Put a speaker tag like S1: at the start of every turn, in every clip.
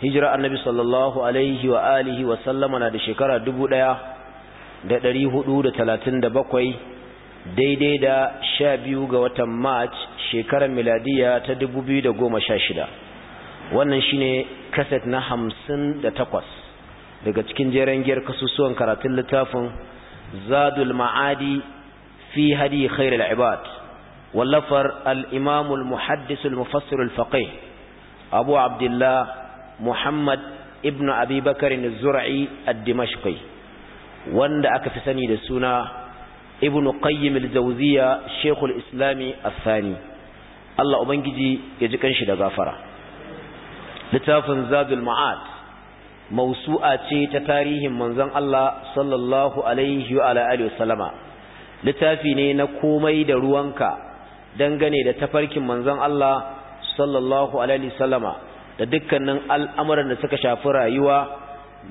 S1: hijira annabi sallallahu alaihi wa alihi wa sallama na da shekara dubu ɗaya da ɗari hudu da talatin da bakwai daidai da sha biyu ga watan march shekarar miladiya ta dubu biyu da goma sha shida wannan shine kaset na hamsin da takwas daga cikin jeren giyar kasusuwan karatun littafin zadul ma'adi fi hadi khairul ibad wallafar al-imamul muhaddisul mufassirul faqih abu abdullah Muhammad ibn Abi Bakar az-Zur'i dimashqi wanda aka fi sani da suna Ibn Qayyim al-Jawziyya Sheikh al-Islam al-Thani Allah ubangiji ya ji kanshi da gafara littafin Zadul Ma'ad mausu'a ce ta tarihin manzon Allah sallallahu alaihi wa alihi wasallama littafi ne na komai da ruwanka dangane da tafarkin manzon Allah sallallahu alaihi wasallama da dukkanin al'amuran da suka shafi rayuwa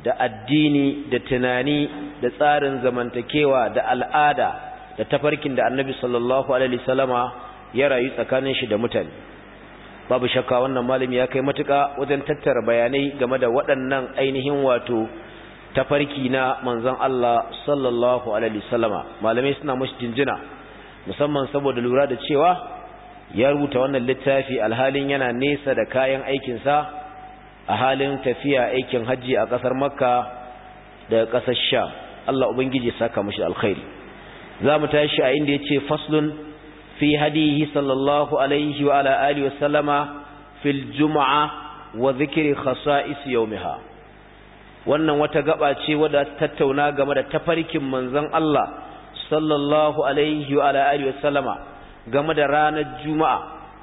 S1: da addini da tunani da tsarin zamantakewa da al'ada da tafarkin da annabi sallallahu alaihi salama ya rayu tsakanin shi da mutane babu shakka wannan malami ya kai matuka wajen tattara bayanai game da waɗannan ainihin wato tafarki na manzon Allah sallallahu alaihi salama malamai suna mashi jinjina musamman saboda lura da cewa ya rubuta wannan littafi alhalin yana nesa da kayan aikinsa a halin tafiya aikin hajji a ƙasar makka da ƙasar sha Allah Ubangiji saka mashi alkhairi za mu tashi a inda ya ce faslun fi hadihi sallallahu alaihi wa ala alihi wa sallama fil juma'a wa zikiri khasa'is yawmiha wannan wata gaba ce wadda tattauna game da tafarkin manzon Allah sallallahu alaihi wa ala alihi wa sallama game da ranar juma'a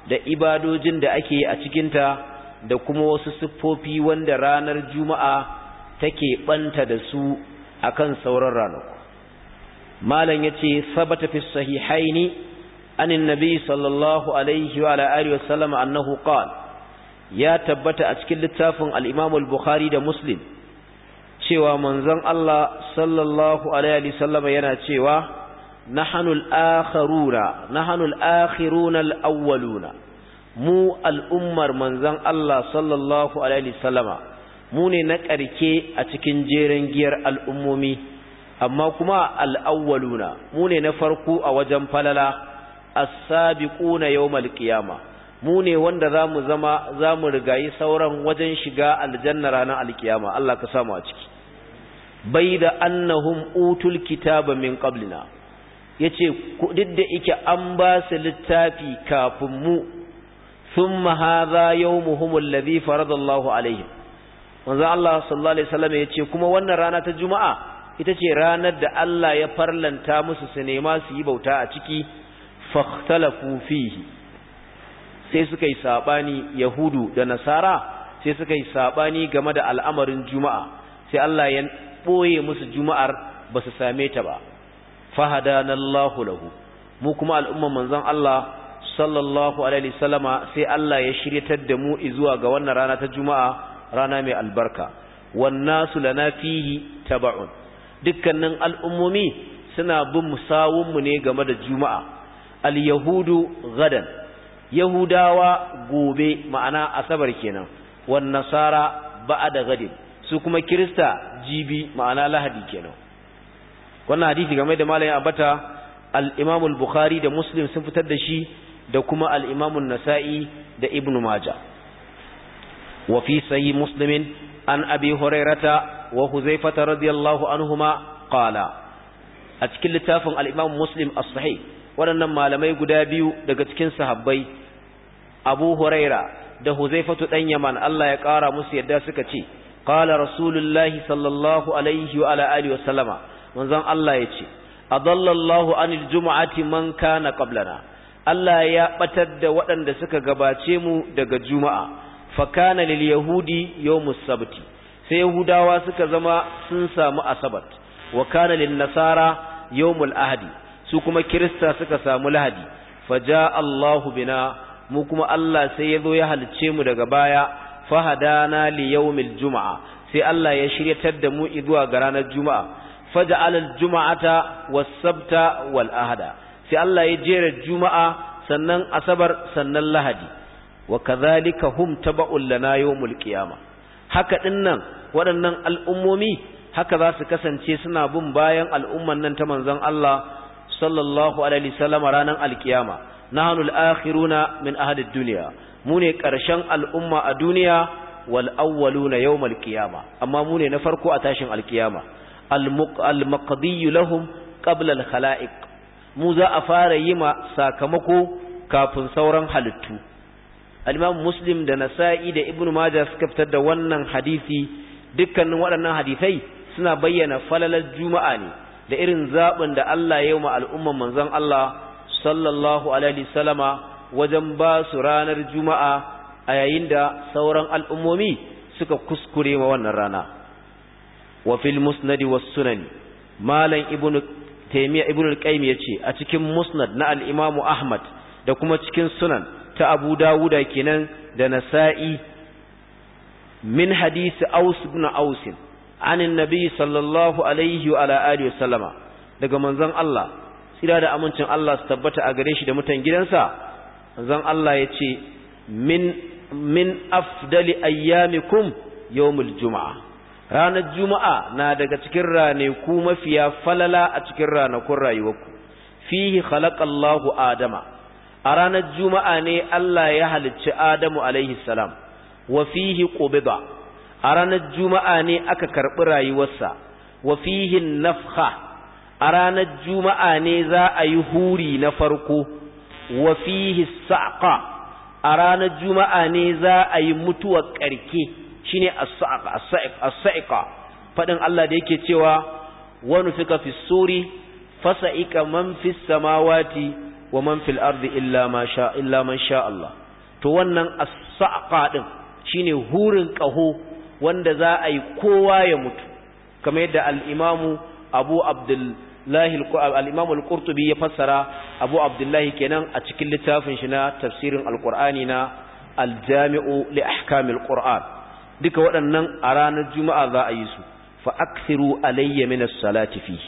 S1: da ibadojin da ake a cikinta da kuma wasu siffofi wanda ranar juma'a take banta da su akan sauran ranaku malam yace sabata fi sahihaini anin nabi sallallahu alaihi wa ala alihi wa annahu qala ya tabbata a cikin littafin al bukhari da Muslim cewa manzon Allah sallallahu alaihi wa sallam yana cewa نحن الآخرون نحن الآخرون mu al'ummar manzan Allah sallallahu Alaihi sallama mu ne na ƙarke a cikin jerin giyar al'ummomi amma kuma al'awwaluna mu ne na farko a wajen falala as-sabiquna yawmal qiyama mu ne wanda zamu zama zamu rigayi sauran wajen shiga aljanna ranar alkiyama Allah ka samu a ciki bai da annahum utul kitaba min qablina yace duk da yake an ba su littafi kafin mu mahaza yau muhumun alladhi faradallahu alaihim wanzan Allah sallallahu alaihi wasallam yace kuma wannan rana ta juma'a ita ce ranar da Allah ya farlanta musu su nema su yi bauta a ciki fakhtalafu fihi sai suka yi saɓani yahudu da nasara sai suka yi saɓani game da al'amarin juma'a sai Allah ya boye musu juma'ar ba su same ta ba fahadana Allahu lahu mu kuma al'umman manzon Allah sallallahu alaihi wasallama sai Allah ya shiryatar da mu zuwa ga wannan rana ta juma'a rana mai albarka wan nasu lana fihi taba'un dukkanin al'ummomi suna bin musawun mu ne game da juma'a al yahudu gadan yahudawa gobe ma'ana asabar kenan wan nasara ba'da gadin su kuma kirista jibi ma'ana lahadi kenan wannan hadisi game da malamin abata al-Imam al-Bukhari da Muslim sun fitar da shi da kuma al-Imam an-Nasa'i da Ibn Majah wa fi sahih an Abi Hurairata wa Huzaifata radiyallahu anhuma qala a cikin littafin al-Imam Muslim as-Sahih waɗannan malamai guda biyu daga cikin sahabbai Abu Huraira da Huzaifatu dan Yaman Allah ya ƙara musu yadda suka ce qala rasulullahi sallallahu alaihi wa ala alihi wa sallama manzon Allah ya ce adallallahu anil juma'ati man kana qablana Allah ya batar da waɗanda suka gabace mu daga juma'a fa kana lil yahudi yawmus sabti sai yahudawa suka zama sun samu asabat wa kana lin nasara yawmul ahadi su kuma kirista suka samu lahadi fa jaa Allahu bina mu kuma Allah sai ya zo ya halice mu daga baya fahadana li yawmil juma'a sai Allah ya shiryatar da mu zuwa ga ranar juma'a faja'ala al-jum'ata was-sabta wal-ahada sai Allah ya jera juma'a sannan asabar sannan lahadi wa kadhalika hum taba'ul lana yawmul qiyama haka dinnan waɗannan al'ummomi haka za su kasance suna bin bayan al'umman nan ta manzon Allah sallallahu alaihi wasallam ranan alkiyama nahnul akhiruna min ahli dunya mu ne ƙarshen al'umma a duniya wal awwaluna yawmal qiyama amma mu ne na farko a tashin alkiyama al-maqdi lahum qabla al mu za a fara yi ma sakamako kafin sauran halittu al-imam muslim da nasa'i da ibnu majah suka fitar da wannan hadisi dukkanin waɗannan hadisai suna bayyana falalar juma'a ne da irin zaɓin da Allah ya yi ma al'umman manzon Allah sallallahu alaihi wasallama wajen ba su ranar juma'a a yayin da sauran al'ummomi suka kuskure ma wannan rana wa fil musnad was malam ibnu taymiya ibnu al yace a cikin musnad na Alimamu ahmad da kuma cikin sunan ta abu dawuda kenan da nasa'i min hadisi aus ibn aus an annabi sallallahu alaihi wa ala alihi wasallama daga manzon Allah tsira da amincin Allah su tabbata a gare shi da mutan gidansa manzon Allah yace min min afdali ayyamikum yawmul juma'a ranar juma'a na daga cikin ranaku mafiya falala a cikin ranakun rayuwarku fihi khalaqallahu adama a ranar juma'a ne Allah ya halicci Adamu alaihi salam wa fihi qubida a ranar juma'a ne aka karɓi rayuwarsa wa fihi nafha. a ranar juma'a ne za a yi huri na farko wa fihi saqa a ranar juma'a ne za a yi mutuwar karke shine ne saiq as Allah da yake cewa wani nufika fi suri fasa'ika man fis samawati wa man fil illa man sha Allah to wannan as ɗin shi shine hurin kaho wanda za a yi kowa ya mutu kamar yadda al Abu al qurtubi ya fassara abu abdullahi kenan a cikin littafin shi na tafsirin al-qur'ani na al-jami'u li ahkamil quran duka waɗannan a ranar juma'a za a yi su fa aksiru alayya mina as-salati fi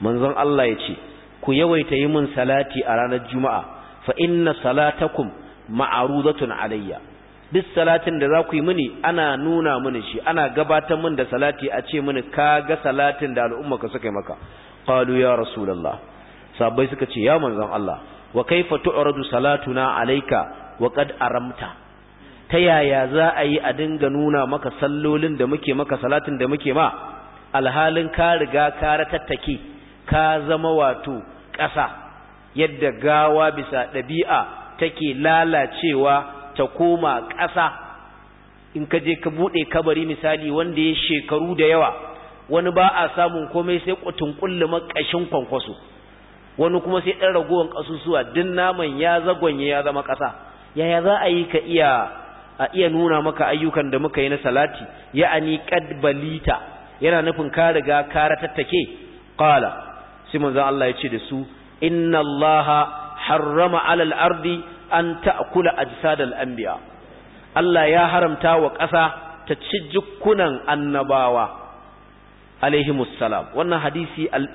S1: manzon Allah yace ku yawaita yi min salati a ranar juma'a fa inna salatakum ma'arudatun alayya duk salatin da za ku yi mini ana nuna mini shi ana gabatar min da salati a ce ka ga salatin da al'umma ka suka yi maka qalu ya rasulullah sabai suka ce ya manzon Allah wa kaifa tu'radu salatuna alaika wa qad aramta ta yaya za a yi a dinga nuna maka sallolin da muke maka salatin da muke ma alhalin ka riga ka ratattake ka zama wato ƙasa yadda gawa bisa ɗabi'a take lalacewa ta koma ƙasa in ka je ka buɗe kabari misali wanda ya shekaru da yawa wani ba a samun komai sai kutunkulle makashin kwankwaso wani kuma sai ɗan ragowar ƙasusuwa din naman ya zagonye ya zama ƙasa yaya za a yi ka iya a iya nuna maka ayyukan da muka yi na salati ya'ani qad balita yana nufin ka riga ka ratattake qala sai manzon Allah ya ce da su inna Allah harrama 'ala al-ardi an ta'kula ajsad al-anbiya Allah ya haramta wa ƙasa ta ci jukkunan annabawa alaihimus salam wannan hadisi al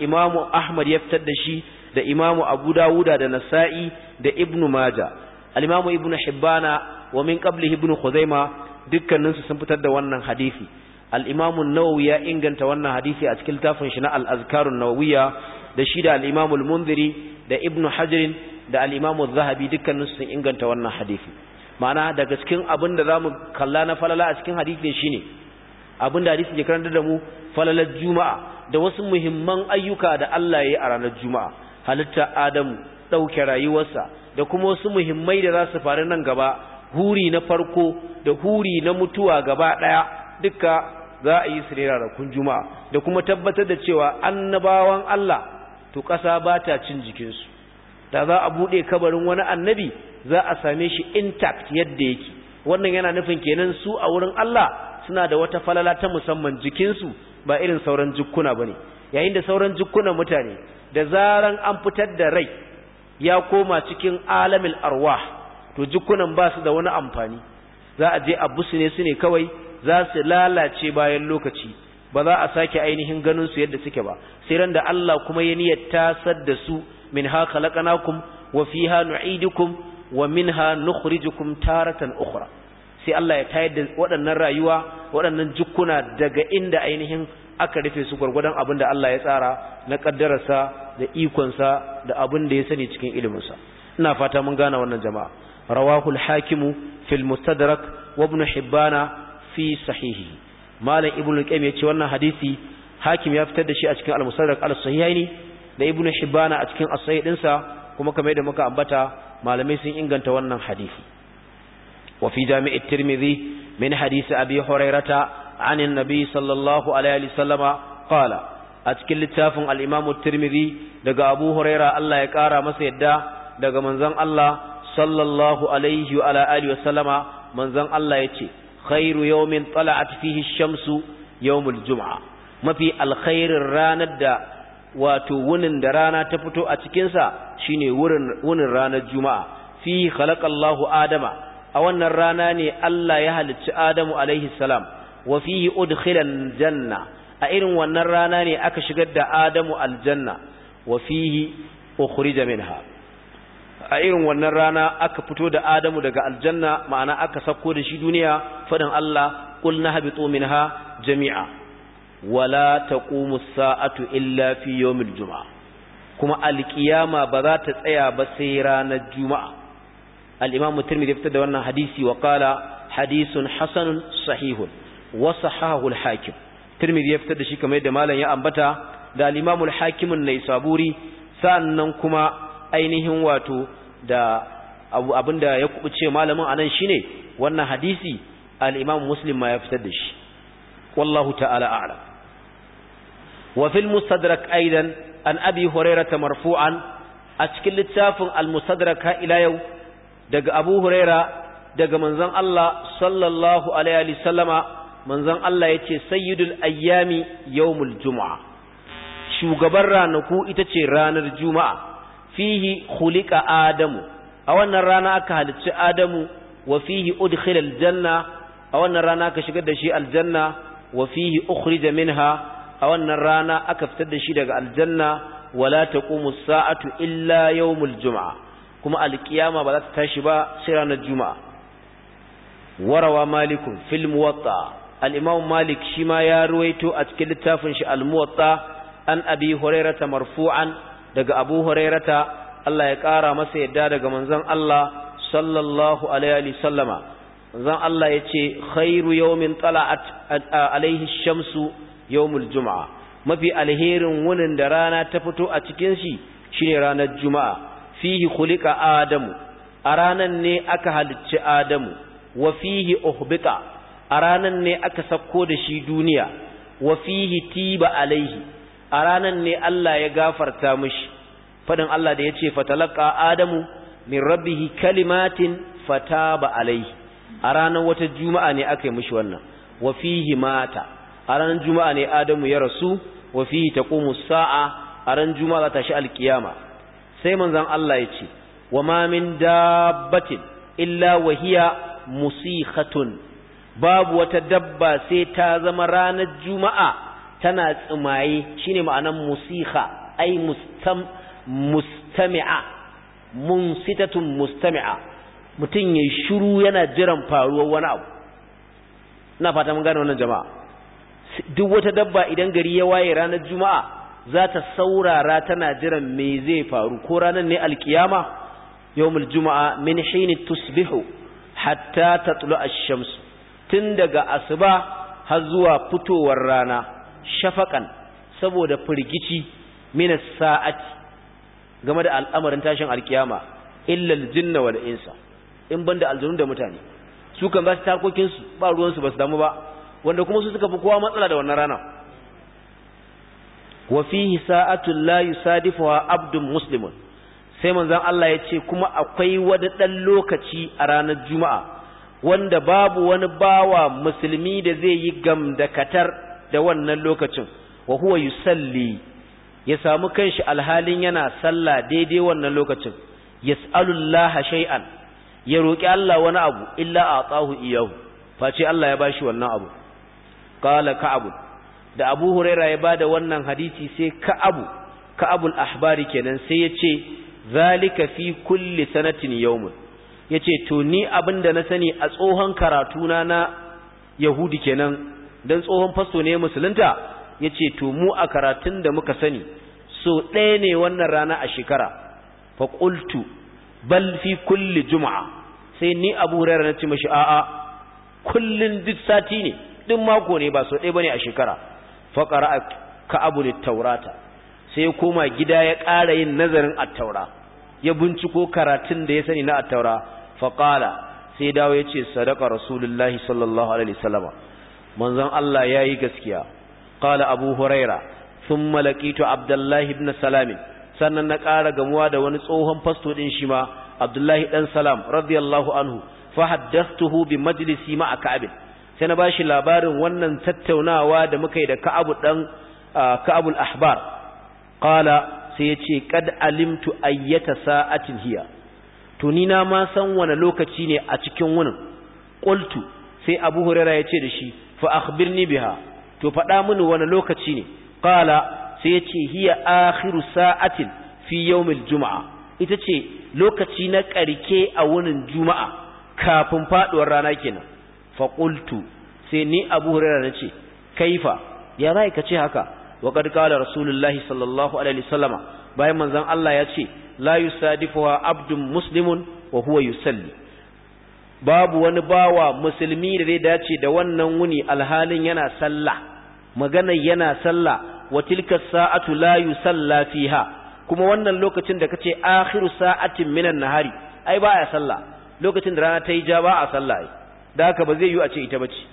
S1: Ahmad ya fitar da shi da imamu Abu Dawuda da Nasa'i da ibnu Maja al-imamu Ibn Hibbana wa min qablihi ibn khuzaima dukkanin su sun fitar da wannan hadisi al-imam an-nawawi ya inganta wannan hadisi a cikin littafin shi na al-azkar wuya. da shi da al al-munziri da ibn hajar da al az-zahabi dukkanin su sun inganta wannan hadisi ma'ana daga cikin abin da zamu kalla na falala a cikin hadisin shine abin da hadisi ke karanta da mu falalar juma'a da wasu muhimman ayyuka da Allah ya yi a ranar juma'a halitta adamu ɗauke rayuwarsa da kuma wasu muhimmai da za su faru nan gaba huri na farko da huri na mutuwa gaba ɗaya duka za a yi sirira da kun juma'a da kuma tabbatar da cewa annabawan Allah to ƙasa ba ta cin jikinsu da za a buɗe kabarin wani annabi za a same shi intact yadda yake wannan yana nufin kenan su a wurin Allah suna da wata falala ta musamman jikinsu ba irin sauran jukkuna ba ne yayin da sauran jukkunan mutane da zaran an fitar da rai ya koma cikin alamil arwah to jikunan ba su da wani amfani za a je a busu ne su ne kawai za su lalace bayan lokaci ba za a sake ainihin ganin su yadda suke ba sai ran da Allah kuma ya niyyata tasar da su min ha khalaqnakum wa fiha nu'idukum wa minha nukhrijukum taratan ukhra sai Allah ya tayar da waɗannan rayuwa waɗannan jukuna daga inda ainihin aka rufe su gwargwadon abin da Allah ya tsara na kaddararsa da ikon sa, da abinda ya sani cikin iliminsa ina fata mun gane wannan jama'a rawahu al-hakim fi al-mustadrak wa ibn hibban fi sahihi malam ibn al-qayyim yace wannan hadisi hakim ya fitar da shi a cikin al-mustadrak da ibn hibban a cikin as dinsa kuma kamar da muka ambata malamai sun inganta wannan hadisi wa fi jami' tirmidhi min hadisi abi hurairata an an-nabi sallallahu alaihi wasallam qala a cikin littafin al'imamu turmiri daga abu huraira Allah ya kara masa yadda daga manzon Allah sallallahu alaihi wa ala alihi wa sallama manzon Allah yace khairu yawmin tala'at fihi ash-shamsu yawmul jum'a mafi alkhairin ranar da wato wunin da rana ta fito a cikin sa shine wurin wunin ranar juma'a fi khalaqallahu adama a wannan rana ne Allah ya halicci Adamu alaihi salam wa fihi udkhilan janna a irin wannan rana ne aka shigar da Adamu aljanna wa fihi ukhrija minha a irin wannan rana aka fito da Adamu daga aljanna ma'ana aka sako da shi duniya faɗan Allah qul nahbitu minha jami'a wala taqumu sa'atu illa fi yawmil juma'a kuma alƙiyama ba za ta tsaya ba sai ranar juma'a al-imam tirmidhi fitar da wannan hadisi wa qala hadisun hasanun sahihun wa sahahu hakim tirmidhi ya fitar da shi kamar yadda malam ya ambata da al-imam al saburi sannan kuma ainihin wato da abu abinda ya kubuce malamin anan shine wannan hadisi al-Imam Muslim ma ya fitar da shi wallahu ta'ala a'lam wa fil mustadrak aidan an abi hurairah marfu'an a cikin littafin al-mustadrak ila yau daga abu hurairah daga manzon Allah sallallahu alaihi wa manzon Allah yace sayyidul ayyami yawmul jumu'a shugaban ranaku ita ce ranar juma'a fihi khuliqa adamu a wannan rana aka halicci adamu wa fihi udkhila aljanna a wannan rana aka shigar da shi aljanna wa fihi ukhrija minha a wannan rana aka fitar da shi daga aljanna wala taqumu sa'atu illa yawmul jumu'a kuma alkiyama ba za ta tashi ba sai ranar juma'a warawa malikun fil muwatta al-imam malik shi ma ya ruwaito a cikin littafin shi al-muwatta an abi hurairata marfu'an daga abu hurairata Allah ya ƙara masa yadda daga manzon Allah sallallahu alaihi sallama manzon Allah ya ce khairu yawmin tala'at alaihi shamsu yawmul juma'a mafi alherin wunin da rana ta fito a cikin shi shine ranar juma'a fihi khuliqa adamu a ranan ne aka halicci adamu wa fihi uhbita a ranan ne aka sako da shi duniya wa fihi tiba alaihi a ranan ne Allah ya gafarta mushi. fadin Allah da ya yace fatalaka adamu min rabbihi kalimatin fataba alaihi a ranan wata juma'a ne aka yi mishi wannan wa fihi mata a ranan juma'a ne adamu ya rasu wa fihi taqumu sa'a a ran juma'a za ta shi alkiyama sai manzon Allah ya ce wa ma min dabbatin illa wa hiya musihatun babu wata dabba sai ta zama ranar juma'a tana tsumaye shine ma'anan musiha ay mustam mustami'a munsitatun mustami'a mutum ya shiru yana jiran faruwar wani abu ina fata mun gane wannan jama'a duk wata dabba idan gari ya waye ranar juma'a za ta saurara tana jiran me zai faru ko ranar ne alkiyama yawmul juma'a min hini tusbihu hatta tatlu ash-shams tun daga asuba har zuwa fitowar rana shafaƙan saboda firgici min sa'ati game da al'amarin tashin alkiyama illal jinna wal insa in banda aljinu da mutane su kan ba su tarkokin su ba ruwan su ba su damu ba wanda kuma su suka fi kowa matsala da wannan rana wa fihi sa'atun la yusadifuha abdun muslimun sai manzon Allah ya ce kuma akwai wani dan lokaci a ranar juma'a wanda babu wani bawa musulmi da zai yi gamdakatar da wannan lokacin wa huwa yusalli ya samu kanshi alhalin yana sallah daidai wannan lokacin yas'alullaha shay'an ya roki Allah wani abu illa atahu iyahu face Allah ya bashi wannan abu qala ka'ab da Abu Huraira ya bada wannan hadisi sai ka'ab ka'abul ahbari kenan sai ya ce zalika fi kulli sanatin Ya yace to ni abinda na sani a tsohon karatuna na yahudi kenan dan tsohon fasto ne musulunta yace to mu a karatun da muka sani so ɗaya ne wannan rana a shekara fa qultu bal fi kulli juma'a sai ni Abu Hurairah na ce mashi a'a kullun duk sati ne duk mako ne ba so ɗaya bane a shekara fa qara'a ka abu taurata sai ya koma gida ya ƙara yin nazarin attaura ya binciko karatun da ya sani na attaura taura fa qala sai dawo yace ce sadaka rasulullahi sallallahu alaihi wasallama manzon Allah yayi gaskiya qala abu huraira malaki laqitu abdullahi ibn Salamin, sannan na ƙara gamuwa da wani tsohon fasto din shi ma abdullahi ɗan salam radiyallahu anhu fa haddathtuhu bi majlisi a ka'ab sai na bashi labarin wannan tattaunawa da muka yi da ka'abu ɗan ka'abul ahbar qala sai yace kad alimtu ayyata sa'atin hiya to ni na ma san wani lokaci ne a cikin wunin qultu sai abu huraira ya ce da shi fa akhbirni biha to faɗa mini wani lokaci ne qala sai ya ce hiya akhiru sa'atin fi yawmil juma'a ita ce lokaci na ƙarke a wannan juma'a kafin faduwar rana kenan fa qultu sai ni abu hurairah nace kaifa ya zai ka ce haka wa qad qala rasulullahi sallallahu alaihi wasallama bayan manzon Allah ya ce la yusadifuha abdun muslimun wa huwa yusalli babu wani bawa musulmi da zai dace da wannan wuni alhalin yana sallah magana yana sallah wa tilka sa'atu la yusalla fiha kuma wannan lokacin da kace akhiru sa'atin minan nahari ai ya sallah lokacin da rana ta yi ja ba a sallah ai da haka ba zai yi a ce ita bace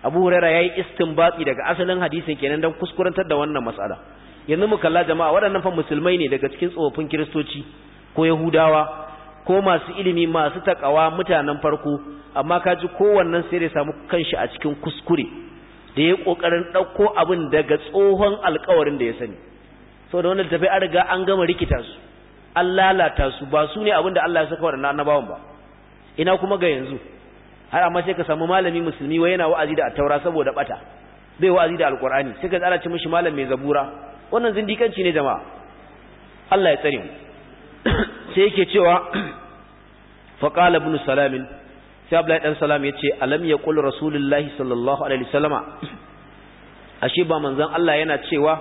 S1: Abu Hurairah yayi istinbati daga asalin hadisin kenan dan kuskurantar da wannan mas'ala yanzu mu kalla jama'a waɗannan fa musulmai ne daga cikin tsofaffin kiristoci ko yahudawa ko masu ilimi masu takawa mutanen farko amma ka kaji kowannen sai dai samu kanshi a cikin kuskure da ya kokarin ɗauko abin daga tsohon alkawarin da ya sani da wannan tafi an riga an gama rikita su an lalata su ba su ne abin da Allah ya saka na annabawan ba ina kuma ga yanzu har amma sai ka samu malami musulmi wai yana wa'azi da attaura saboda bata bai wa'azi da alqur'ani sai ka tsara ci mishi malam mai zabura wannan zindikanci ne jama'a Allah ya tsare mu sai yake cewa faqala ibn salam sai dan salam yace alam ya yaqul rasulullahi sallallahu alaihi wasallama ashe ba manzon Allah yana cewa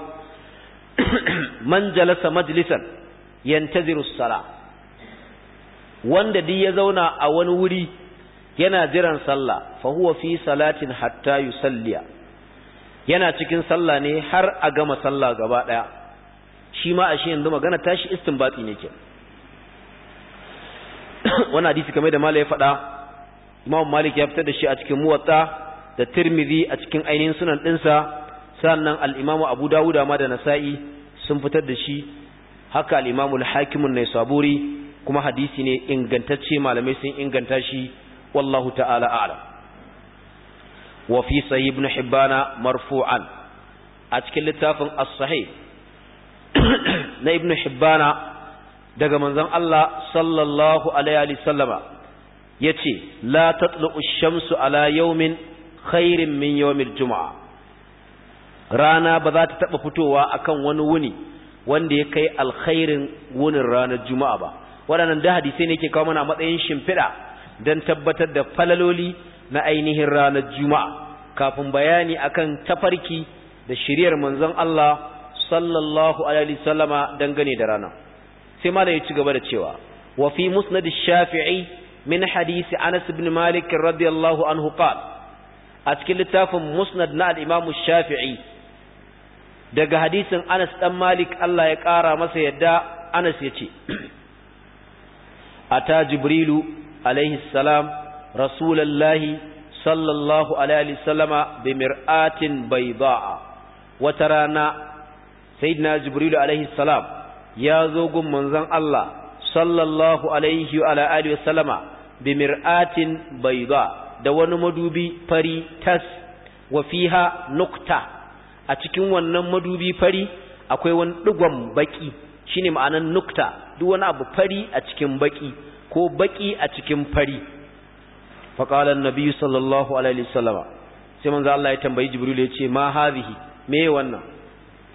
S1: man jalasa majlisan yantaziru sala wanda duk ya zauna a wani wuri yana jiran sallah fa huwa fi salatin hatta salliya, yana cikin sallah ne har a gama sallah gaba daya shi ma ashe yanzu magana tashi istinbati ne kenan Wani hadisi kamar da malai ya faɗa imam malik ya fitar da shi a cikin muwatta da tirmidhi a cikin ainihin sunan ɗinsa sannan al-imamu abu dawuda ma da nasa'i sun fitar da shi haka al imam al-hakimun naisaburi kuma hadisi ne ingantacce malamai sun inganta shi wallahu ta'ala a'lam wa fi sahih ibn hibbana marfu'an a cikin littafin as-sahih na ibn hibbana daga manzon Allah sallallahu alaihi wa ya ce la tatlu ash-shamsu ala yawmin khairin min yawmil juma'a. rana ba za ta taɓa fitowa akan wani wuni wanda ya kai alkhairin wunin ranar juma'a ba waɗannan da hadisai ne ke kawo mana matsayin shimfiɗa don tabbatar da falaloli na ainihin ranar juma'a kafin bayani akan tafarki da shiriyar manzon Allah sallallahu alaihi wasallama dangane da rana sai malam ya ci gaba da cewa wa fi musnad shafi'i min hadisi Anas ibn Malik radiyallahu anhu qala a cikin littafin musnad na al-Imam Shafi'i daga hadisin Anas dan Malik Allah ya kara masa yadda Anas yace ata Jibrilu alaihi salam rasulullahi sallallahu alaihi wasallama bi mir'atin bayda'a wata rana sayyidina Jibrilu alaihi salam ya zo gun manzon Allah sallallahu alaihi wa alihi wasallama bi mir'atin bayda da wani madubi fari tas wa fiha nukta a cikin wannan madubi fari akwai wani digon baki shine ma'anan nukta duk wani abu fari a cikin baki ko baki a cikin fari Fa an Nabiyyu sallallahu alaihi wasallama sai manzo Allah ya tambayi jibril ya ce ma hadhihi me wannan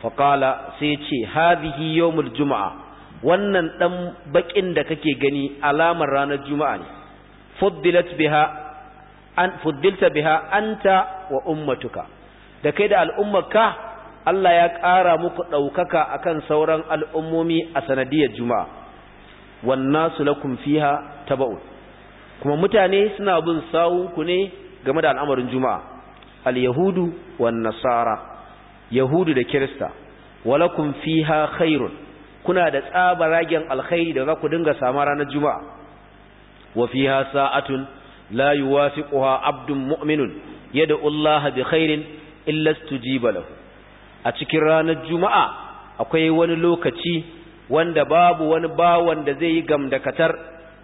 S1: faƙala sai ce hadhihi yawmul juma'a wannan dan bakin da kake gani alamar ranar juma'a ne fuddilat biha an fuddilta anta wa ummatuka da kai da al'ummarka Allah ya ƙara muku ɗaukaka a kan sauran al'ummomi a sanadiyar juma'a wannan su lakum fiha ba'u, kuma mutane suna bin sawunku ne game da al'amarin juma'a Al'Yahudu yahudu wan nasara yahudu da kirista walakum fiha khairun kuna da tsaba ragen alkhairi da za ku dinga sama ranar juma'a wa fiha sa'atun la yuwafiquha abdun mu'minun yad'u Allah bi khairin illa stujiba lahu a cikin ranar juma'a akwai wani lokaci wanda babu wani bawan da zai yi gamdakatar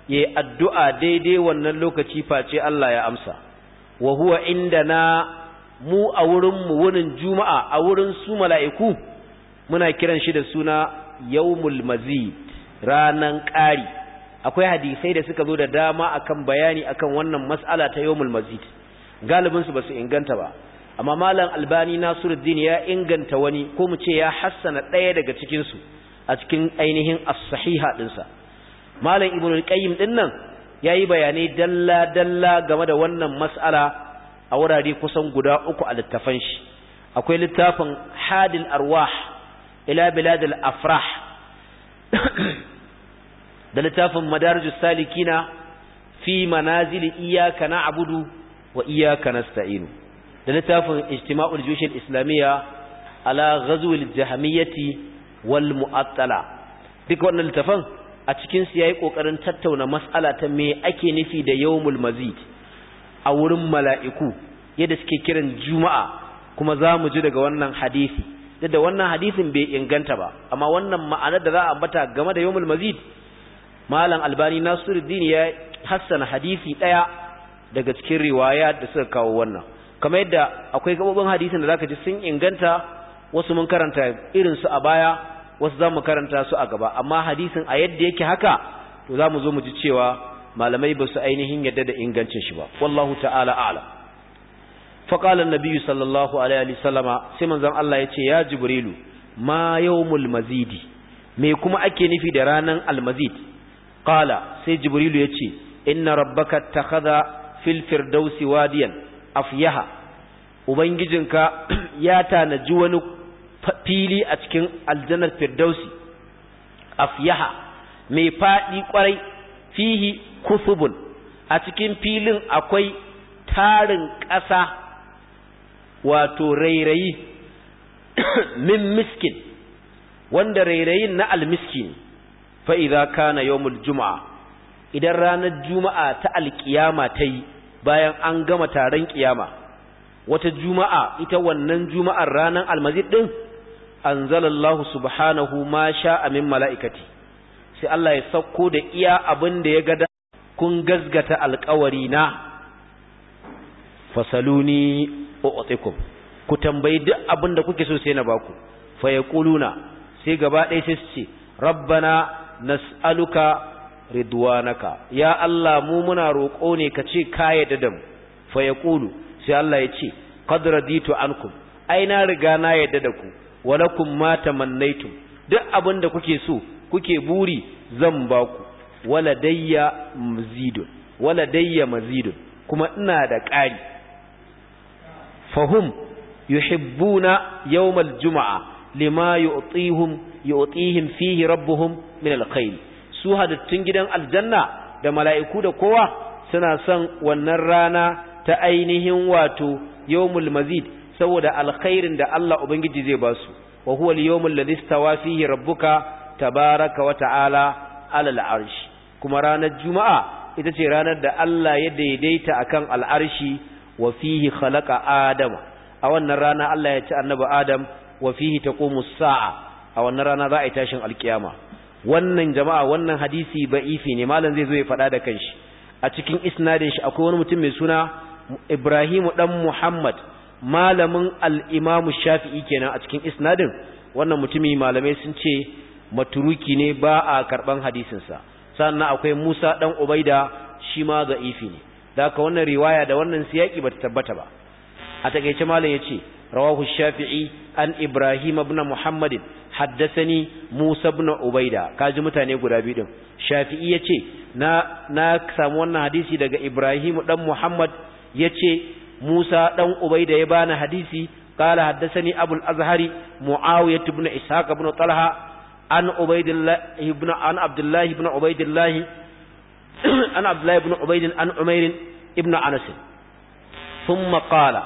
S1: yayi addu'a daidai wannan lokaci face Allah ya amsa wa huwa indana mu a wurinmu wurin juma'a a wurin su mala'iku muna kiran shi da suna yawmul mazid ranan ƙari akwai hadisai da suka zo da dama akan bayani akan wannan mas'ala ta yawmul mazid galibin su basu inganta ba amma malam albani nasiruddin ya inganta wani ko mu ce ya hassana ɗaya daga cikinsu a cikin ainihin as-sahiha sa. malam ibnu qayyim din nan yayi bayanai dalla dalla game da wannan mas'ala a wurare kusan guda uku a littafan shi akwai littafin hadil arwah ila biladil afrah da littafin madarijus salikina fi manazil iyyaka na'budu wa iyyaka nasta'inu da littafin ijtima'ul jushil islamiyya ala ghazwil jahmiyyati wal mu'attala duk wannan littafan a cikin su yayi kokarin tattauna mas'ala ta me ake nufi da yawmul mazid a wurin mala'iku yadda suke kiran juma'a kuma za mu ji daga wannan hadisi duk da wannan hadisin bai inganta ba amma wannan ma'anar da za a bata game da yomul mazid malam albani dini ya hassana hadisi ɗaya daga cikin riwaya da suka kawo wannan kamar yadda akwai gaɓoɓin hadisin da za ka ji sun inganta wasu mun karanta irin su a baya wasu za mu karanta su a gaba amma hadisin a yadda yake haka to za mu zo mu ji cewa malamai ba su ainihin yadda da ingancin shi ba wallahu ta'ala a'lam fa qala an-nabi sallallahu alaihi sallama sai manzon Allah yace ya jibrilu ma yawmul mazidi me kuma ake nufi da ranan almazid? mazid qala sai jibrilu yace inna rabbaka takhadha fil firdausi wadiyan afyaha ubangijinka ya tanaji wani fili a cikin aljannar firdausi afyaha mai faɗi ƙwarai fihi kusubun a cikin filin akwai tarin ƙasa wato rairayi min miskin wanda rairayin na almiskin fa kana yawmul juma'a idan ranar juma'a ta alƙiyama ta yi bayan an gama taron ƙiyama wata juma'a ita wannan juma'ar ranar almazid an anzalallahu subhanahu ma sha'a mala'ikati sai Allah ya sauko da iya abin da ya gada kun gazgata alƙawari na fasaluni u'tikum ku tambayi duk abin da kuke so sai na baku fa yaquluna sai gaba ɗaya sai su ce rabbana nas'aluka ridwanaka ya Allah mu muna roƙo ne ka ce ka yarda da mu fa yaqulu sai Allah ya ce qad raditu ankum ai na riga na yadda da ku walakum ma tamannaitum duk abin da kuke so kuke buri zan baku waladayya mazidun waladayya mazidun kuma ina da ƙari fahum yuhibbuna yawmal juma'a lima yu'tihim yu'tihim fihi rabbuhum min alkhayl su hadattun gidan aljanna da mala'iku da kowa suna son wannan rana ta ainihin wato yawmul mazid saboda alkhairin da Allah ubangiji zai ba su wa huwa al-yawmul ladhi istawa fihi rabbuka tabaraka wa ta'ala ala al kuma ranar juma'a ita ce ranar da Allah ya daidaita a kan al'arshi wa fihi halaka adama a wannan rana Allah ya ci annaba Adam wa fihi komu sa'a a wannan rana za a yi tashin alkiyama wannan jama'a wannan hadisi ba'ifi ne malam zai zo ya faɗa da kanshi a cikin isnadin shi akwai wani mutum mai suna Ibrahimu, ɗan Muhammad malamin al Shafi'i kenan a cikin isnadin wannan mutumi malamai sun ce maturuki ne ba a karɓan hadisinsa. sannan akwai Musa dan Ubaida shi ma da'ifi ne da haka wannan riwaya da wannan siyaki bata tabbata ba a taƙaice malam yace rawahu shafi'i an ibrahim ibn muhammadin haddathani musa ibn ubaida kaji mutane guda biyu din shafi'i yace na na samu wannan hadisi daga ibrahim ɗan muhammad yace musa ɗan ubaida ya bani hadisi kala حدثني أبو azhari معاوية ibn ishaq ibn talha an ubaidillah ibn an Abdullahi ibn ubaidillah an abdullah ibn ubaid an umair ibn anas thumma qala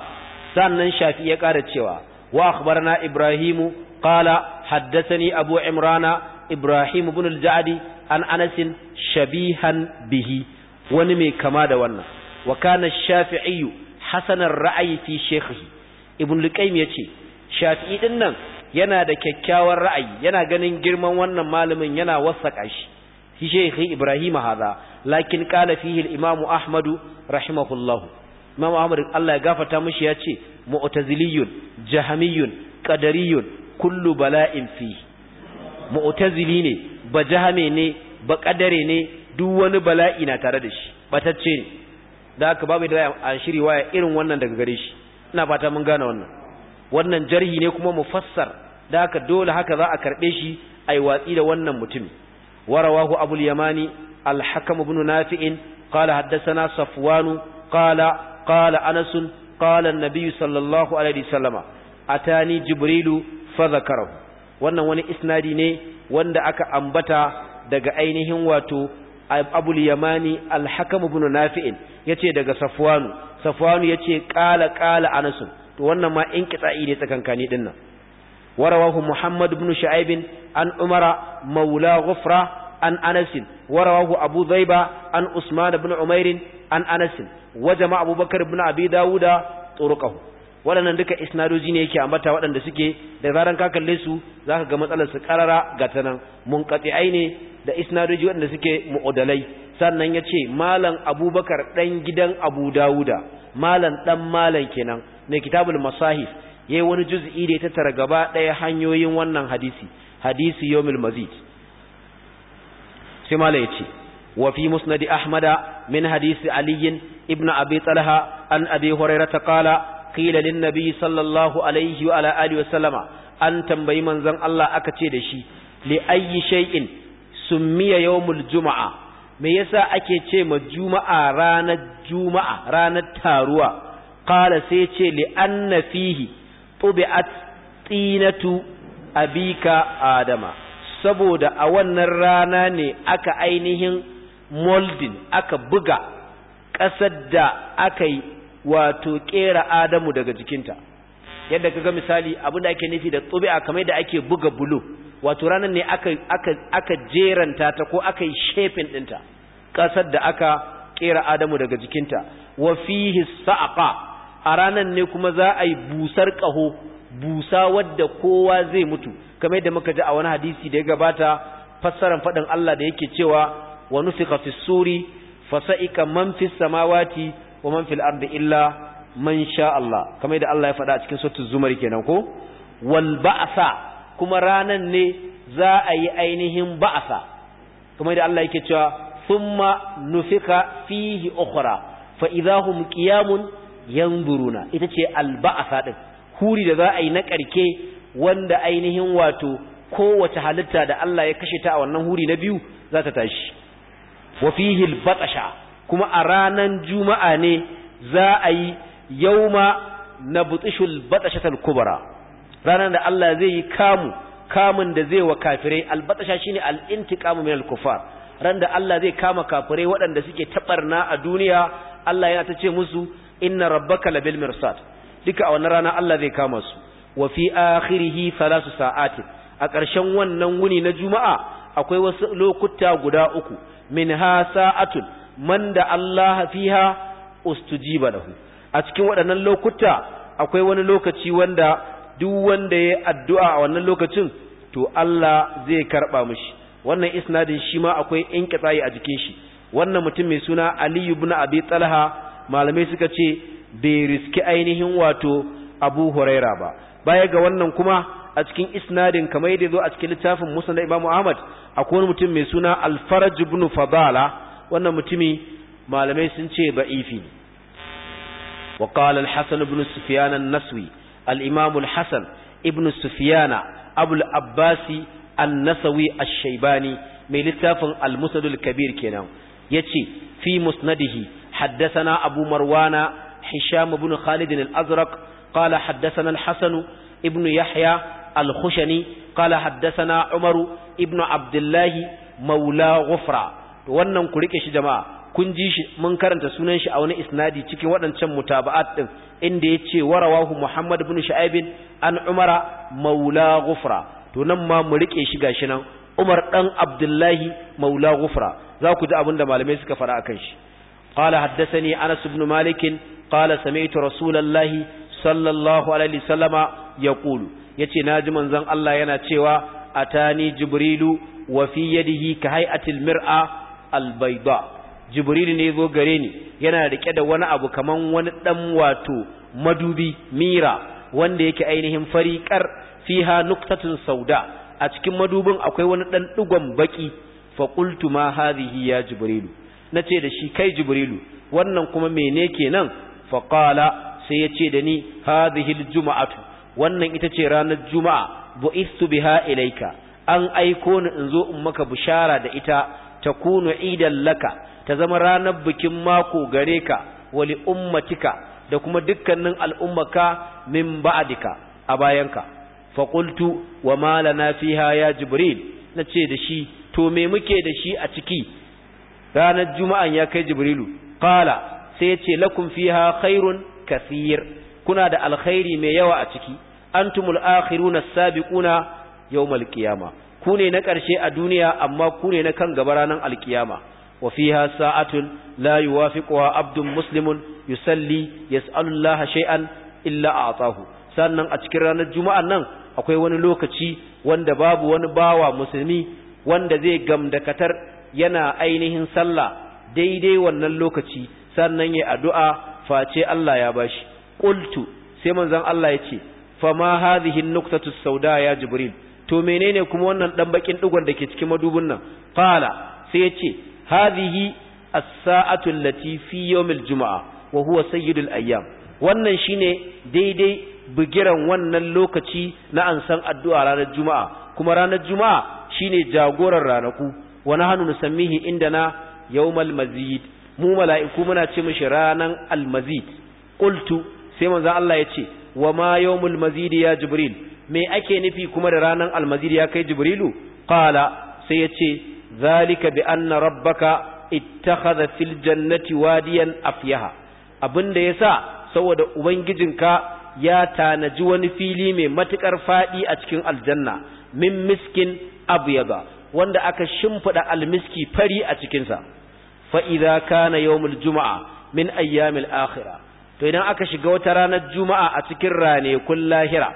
S1: sannan shafi ya ƙara cewa wa akhbarana ibrahim qala haddathani abu imrana ibrahim ibn al-jadi an anas shabihan bihi wani mai kama da wannan wa kana shafi'i hasanar ra'ayi fi shaykhihi ibn al-qayyim yace shafi'i din nan yana da kyakkyawar ra'ayi yana ganin girman wannan malamin yana wasaka shi shi sheikh Ibrahim hada lakin qala fihi al-imam Ahmad rahimahullahu imam Ahmad Allah ya gafarta mishi ce mu'taziliyun jahamiyun qadariyun kullu bala'in fi mu'tazili ne ba jahame ne ba qadare ne duk wani bala'i na tare da shi batacce ne da haka babu da an shiri waya irin wannan daga gare shi ina fata mun gane wannan wannan jarhi ne kuma mufassar da aka dole haka za a karbe shi ai watsi da wannan mutum warawahu abul yamani al-hakam ibn nafi'in qala haddathana safwan qala qala anas qala an-nabiy sallallahu alaihi wasallama atani jibrilu fa zakarahu wannan wani isnadi ne wanda aka ambata daga ainihin wato abul yamani al-hakam ibn nafi'in yace daga safwan safwan yace qala qala anas to wannan ma in kitsa'i ne tsakankani din nan warawahu muhammad ibn shu'aib an umara maula ghufra an anas warawahu abu zaiba an usman ibn umair an anas wa jama'a abubakar ibn abi dawuda turqahu Wadannan duka isnadoji ne yake ambata waɗanda suke da zaran ka kalle su zaka ga matsalar su karara ga tanan munqati'ai ne da isnadoji waɗanda suke mu'udalai sannan yace malam abubakar dan gidan abu dawuda malam dan malam kenan mai kitabul masahif yayi wani juz'i da ya tattara gaba ɗaya hanyoyin wannan hadisi hadisi yawmul mazid sai mala yace wa fi musnad ahmada min hadisi ali ibn abi talha an abi hurairah qala qila lin nabiy sallallahu alaihi wa ala alihi wa sallama an tambayi manzon Allah aka ce da shi li ayyi shay'in summiya yawmul juma'a me yasa ake ce ma juma'a ranar juma'a ranar taruwa Ƙala sai ce li anna fihi a tinatu abika adama saboda a wannan rana ne aka ainihin moldin aka buga ƙasar da aka yi wato ƙera adamu daga jikinta yadda kaga misali abinda ake nufi da tsubi'a kamar da ake buga bulu wato ranar ne aka, aka, aka jeranta ta ko aka yi shefin ɗinta ƙasar da aka ƙera adamu daga jikinta wa fihi sa'aqa a ranan ne kuma za a yi busar ƙaho busa wadda kowa zai mutu kamar yadda muka ji a wani hadisi da ya gabata fassarar faɗin Allah da yake cewa wa nusika fi suri sa'ika man fi samawati wa man fil ardi illa man sha Allah kamar yadda Allah ya faɗa a cikin suratul zumar kenan ko wal ba'sa kuma ranan ne za a yi ainihin ba'sa kamar yadda Allah yake cewa thumma nufika fihi ukhra fa idahum qiyamun yanzuruna ita ce alba'asa din huri da za a yi na karke wanda ainihin wato kowace halitta da Allah ya kashe ta a wannan huri na biyu za ta tashi wa fihi albatasha kuma a ranan juma'a ne za a yi yauma nabtishul batashatul kubra ranan da Allah zai yi kamu kamun da zai wa kafirai albatasha shine al-intiqamu min al kufar ran da Allah zai kama kafirai waɗanda suke tabarna a duniya Allah yana ta ce musu inna rabbaka labil mirsad duka a wannan rana Allah zai kama su wa fi akhirihi thalath sa'atin a ƙarshen wannan wuni na juma'a akwai wasu lokuta guda uku minha sa'atun man da Allah fiha ustujiba lahu a cikin waɗannan lokuta akwai wani lokaci wanda duk wanda yayi addu'a a wannan lokacin to Allah zai karɓa mishi wannan isnadin shi ma akwai in a jikin shi wannan mutum mai suna Ali ibn Abi Talha malamai suka ce bai riski ainihin wato abu huraira ba baya ga wannan kuma a cikin isnadin kamar yadda zo a cikin littafin musan da imamu ahmad akwai wani mutum mai suna alfaraj ibn fadala wannan mutumi malamai sun ce ba'ifi ne wa qala al-hasan ibn sufyan an-naswi al-imam al-hasan ibn sufyan abul abbasi an-nasawi ash-shaybani mai littafin al-musnad al-kabir kenan yace fi musnadihi حدثنا أبو مروان حشام بن خالد الأزرق قال حدثنا الحسن ابن يحيى الخشني قال حدثنا عمر ابن عبد الله مولى غفرة wannan ku rike shi jama'a kun ji shi mun karanta sunan shi a wani isnadi cikin waɗancan mutaba'at din inda ya ce warawahu Muhammad ibn shaibin an Umara maula ghufra to nan ma mu rike shi gashi nan Umar dan Abdullahi maula ghufra za ku ji abin da malamai suka fara akan shi قال حدثني أنس بن مالك قال سمعت رسول الله صلى الله عليه وسلم يقول يتي ناجم زن الله يناتشوا أتاني جبريل وفي يده كهيئة المرأة البيضاء جبريل نيزو غريني yana rike da wani abu kaman wani dan wato madubi mira wanda yake ainihin fariƙar fiha nuktatun sauda a cikin madubin akwai wani dan ɗigon baki fa qultu ma hadhihi ya jibrilu na ce da shi kai jibrilu wannan kuma mene kenan faƙala sai ya ce da ni hadihil juma'atu wannan ita ce ranar juma'a bu'istu biha ilaika an aiko ni in zo in maka bishara da ita ta takunu idan laka ta zama ranar bikin mako gare ka wali ummatika da kuma dukkanin al'ummaka min ba'dika a bayanka faqultu wa ma lana fiha ya jibril nace da shi to me muke da shi a ciki ranar juma'an ya kai jibrilu qala sai ya ce lakum fiha khairun kasir kuna da alkhairi mai yawa a ciki antumul akhiruna as-sabiquna yawmal qiyama ku ne na ƙarshe a duniya amma ku ne na kan gaba ranar alkiyama wa fiha sa'atun la yuwafiquha abdun muslimun yusalli yas'alullaha shai'an illa a'tahu sannan a cikin ranar juma'an nan akwai wani lokaci wanda babu wani bawa musulmi wanda zai gamdakatar yana ainihin sallah daidai wannan lokaci sannan ya addu'a face Allah ya bashi qultu sai manzon Allah ya ce fama hadhihi an sauda ya jibril to menene kuma wannan dan bakin digon da ke cikin madubin nan Fala sai ya ce hadhihi as-sa'atu allati fi yawmil wa huwa sayyidul ayyam wannan shine daidai bugiran wannan lokaci na ansan addu'a ranar juma'a kuma ranar juma'a shine jagoran ranaku wa nahnu nusammihi indana yawmal mazid mu mala'iku muna ce mishi ranan almazid qultu sai manzo Allah ya ce wa ma yawmul mazid ya jibril me ake nufi kuma da ranan almazid ya kai jibrilu qala sai ya ce zalika bi anna rabbaka ittakhadha fil jannati wadiyan afyaha abinda yasa saboda ubangijinka ya tanaji wani fili mai matukar fadi a cikin aljanna min miskin abyada wanda aka shimfida almiski fari a cikinsa, sa fa idza kana yawmul juma'a min ayyamil akhirah to idan aka shiga wata ranar juma'a a cikin rane kullahira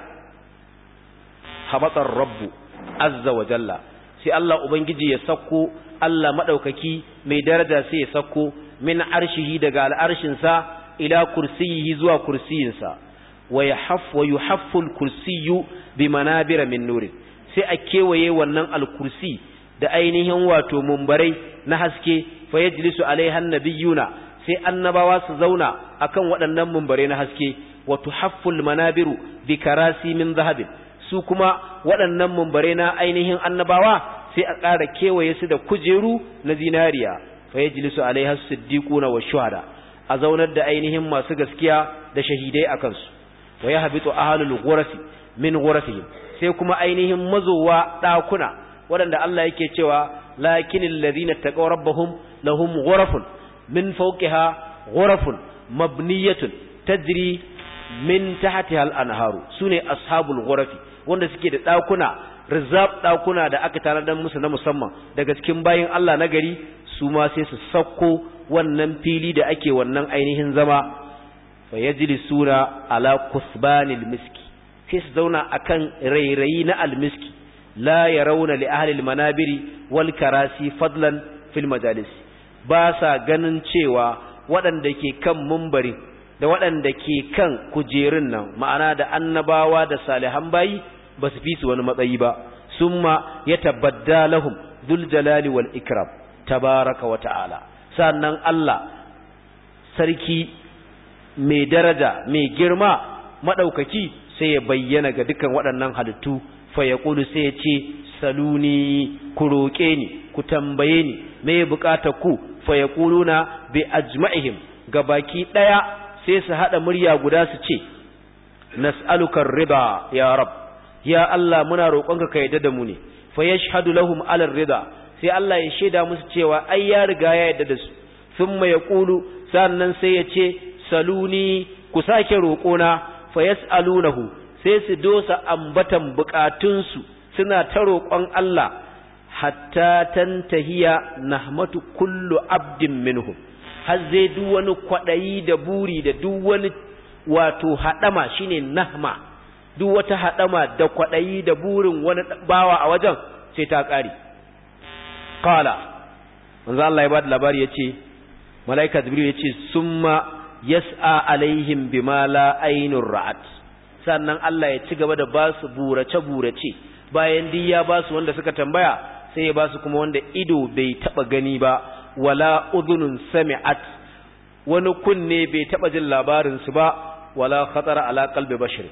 S1: habatar rabbu azza wa jalla sai Allah ubangiji ya sakko Allah madaukaki mai daraja sai ya sakko min arshihi daga al'arshin sa ila kursiyyi zuwa kursiyinsa sa wa yahaf wa yuhafful kursiyyu bi manabira min nurin sai a kewaye wannan alkursi da ainihin wato mumbarai na haske fa yajlisu alaihan nabiyuna sai annabawa su zauna akan waɗannan mumbarai na haske wa tuhafful manabiru bi karasi min zahabin su kuma waɗannan mumbarai na ainihin annabawa sai a ƙara kewaye su da kujeru na zinariya fa yajlisu alaiha siddiquna wa shuhada a zaunar da ainihin masu gaskiya da shahidai akan su wa yahbitu ahlul ghurasi min ghurasihim sai kuma ainihin mazowa ɗakuna waɗanda Allah yake cewa lakinin lazina taƙaw na lahum ghurafun min fawqiha ghurafun mabniyatun jiri min tahtiha al-anharu sune ashabul ghurafi wanda suke da ɗakuna rizab ɗakuna da aka tanadar musu na musamman daga cikin bayan Allah na gari su ma sai su sauko wannan fili da ake wannan ainihin zama fa suna ala kusbanil misk sai su zauna kan rairayi na almiski la rauna li ahli manabiri wal karasi fadlan fil majalis ba sa ganin cewa waɗanda ke kan mumbari da waɗanda ke kan kujerun nan ma'ana da annabawa da salihan bayi ba su fi su wani matsayi ba summa ya tabbada lahum dul jalali wal ikram tabaraka wa ta'ala sannan Allah sarki mai daraja mai girma madaukaki sai ya bayyana ga dukan waɗannan halittu fa ya ƙudu sai ya ce saluni ku roƙe ni ku tambaye ni me buƙatar ku fa ya na bi ajma'ihim ga baki ɗaya sai su haɗa murya guda su ce nas'alukar riba ya rab ya Allah muna roƙonka ka yadda da mu ne fa yashhadu lahum alar riba sai Allah ya shaida musu cewa ai ya riga ya yadda da su thumma yaqulu sannan sai ya ce saluni ku sake roƙona fa yas'alunahu sai su dosa ambatan bukatunsu suna ta roƙon Allah hatta tantahiya nahmatu kullu abdin minhum har zai duk wani kwaɗayi da buri da duk wani wato haɗama shine nahma duk wata haɗama da kwaɗayi da burin wani bawa a wajen sai ta ƙare qala manzo Allah ya bada labari yace malaika jibril yace summa yas'a alaihim bima la ainur ra'at sannan Allah ya ci gaba da ba su burace burace bayan din ya ba su wanda suka tambaya sai ya ba su kuma wanda ido bai taba gani ba wala udhunun sami'at wani kunne bai taba jin labarin su ba wala khatara ala qalbi bashar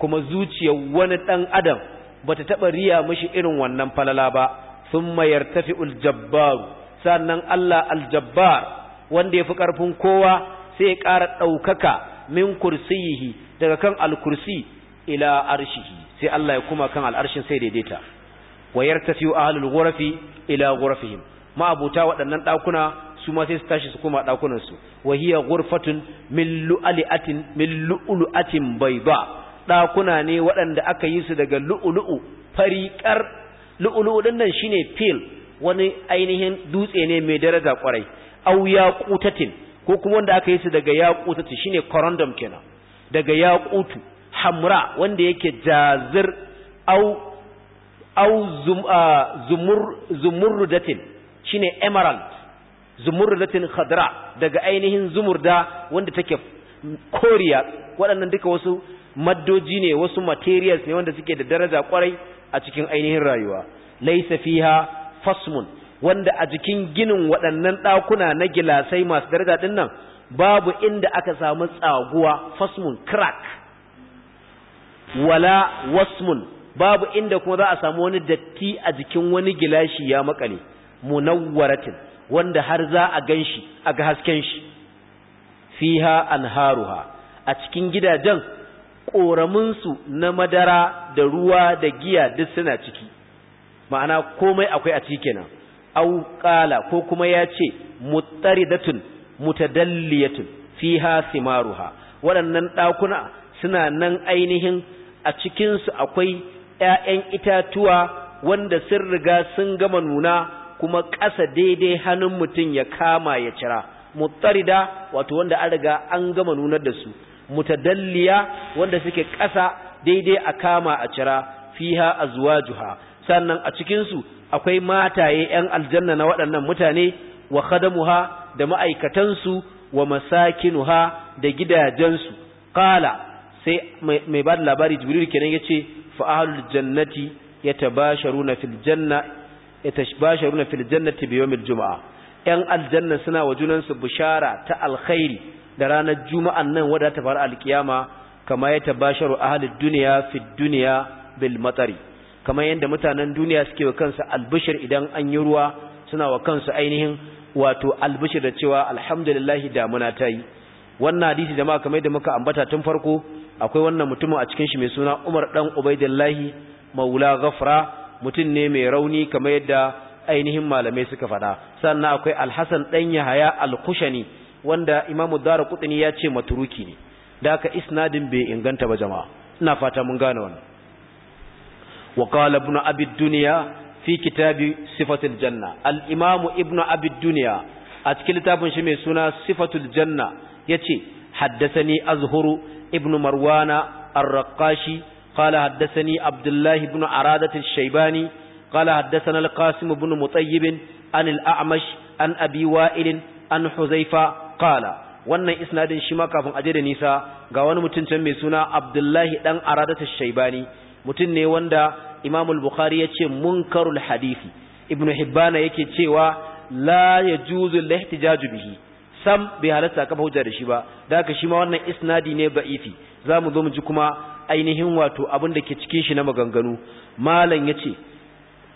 S1: kuma zuciyar wani dan adam bata taba riya mishi irin wannan falala ba thumma yartafi'ul jabbar sannan Allah aljabbar wanda yafi karfin kowa sai ya ƙara ɗaukaka min kursiyihi daga kan alkursi ila arshihi sai Allah ya kuma kan al'arshin sai daidaita wa yartasiu ahlul ghurafi ila ghurafihim ma abuta waɗannan ɗakuna su ma sai su tashi su kuma ɗakunan su wa hiya min lu'aliatin min lu'ulu'atin bayda ɗakuna ne waɗanda aka yi su daga lu'ulu'u fariƙar lu'ulu'u din nan shine fil wani ainihin dutse ne mai daraja kwarai aw yaqutatin ko kuma wanda aka yi su daga yakuta ce shine corundum kenan daga yakutu hamra wanda yake jazir au au zum, zumur zumurdatin shine emerald zumurdatin khadra daga ainihin zumurda wanda take koriya waɗannan duka wasu maddoji ne wasu materials ne wanda suke da daraja kwarai a cikin ainihin rayuwa laysa fiha fasmun wanda a jikin ginin waɗannan ɗakuna na gilasai masu daraja ɗin nan babu inda aka samu tsaguwa fasmun crack wala wasmun babu inda kuma za a samu wani datti a jikin wani gilashi ya makale munawwaratin wanda har za a ganshi a ga hasken shi fiha anharuha a cikin gidajen ƙoraminsu na madara da ruwa da giya duk suna ciki ma'ana komai akwai a ciki kenan au qala ko kuma ya ce muttaridatun mutadalliyatun fiha simaruha waɗannan ɗakuna suna nan ainihin a cikinsu akwai ‘ya'yan itatuwa wanda sun riga sun gama nuna kuma ƙasa daidai hannun mutum ya kama ya cira muttarida wato wanda an riga an gama nunar da su mutadalliya wanda suke ƙasa daidai a kama a cira fiha azwajuha sannan a cikinsu akwai mataye ‘yan aljanna na waɗannan mutane wa khadamuha da ma'aikatansu wa masakinuha da gidajensu ƙala sai mai ba da labari jibril kenan ya ce fa'ahalul jannati ya tabasharuna fil janna ya tabasharuna juma'a ‘yan aljanna suna wa junansu bishara ta alkhairi da ranar juma'an nan wadata ta faru alkiyama kama ya tabasharu ahalul duniya fi duniya bil matsari kamar yadda mutanen duniya suke wa kansu albishir idan an yi ruwa suna wa kansu ainihin wato albishir da cewa alhamdulillahi damuna ta yi wannan hadisi jama'a kamar yadda muka ambata tun farko akwai wannan mutumin a cikin shi mai suna Umar dan Ubaidillahi Maula Ghafra mutum ne mai rauni kamar yadda ainihin malamai suka faɗa sannan akwai Alhassan, dan Yahaya Al-Kushani wanda Imam Darqutni ya ce maturuki ne da haka isnadin bai inganta ba jama'a ina fata mun gane wannan وقال ابن أبي الدنيا في كتاب صفة الجنة الإمام ابن أبي الدنيا أتكل تاب شمي سنة صفة الجنة يتي حدثني أزهر ابن مروان الرقاشي قال حدثني عبد الله بن عرادة الشيباني قال حدثنا القاسم بن مطيب عن الأعمش عن أبي وائل عن حذيفة قال wannan isnadin shi ma kafin aje da nisa ga wani mutum can mai suna Abdullahi dan Aradatul Shaibani mutum ne wanda Imam al-Bukhari yace munkarul hadisi Ibn hibbana yake cewa la yajuzu al-ihtijaj bihi sam bai halatta kafa hujja da shi ba da haka shi ma wannan isnadi ne ba'ifi mu zo mu ji kuma ainihin wato abin da ke cikin shi na maganganu malam yace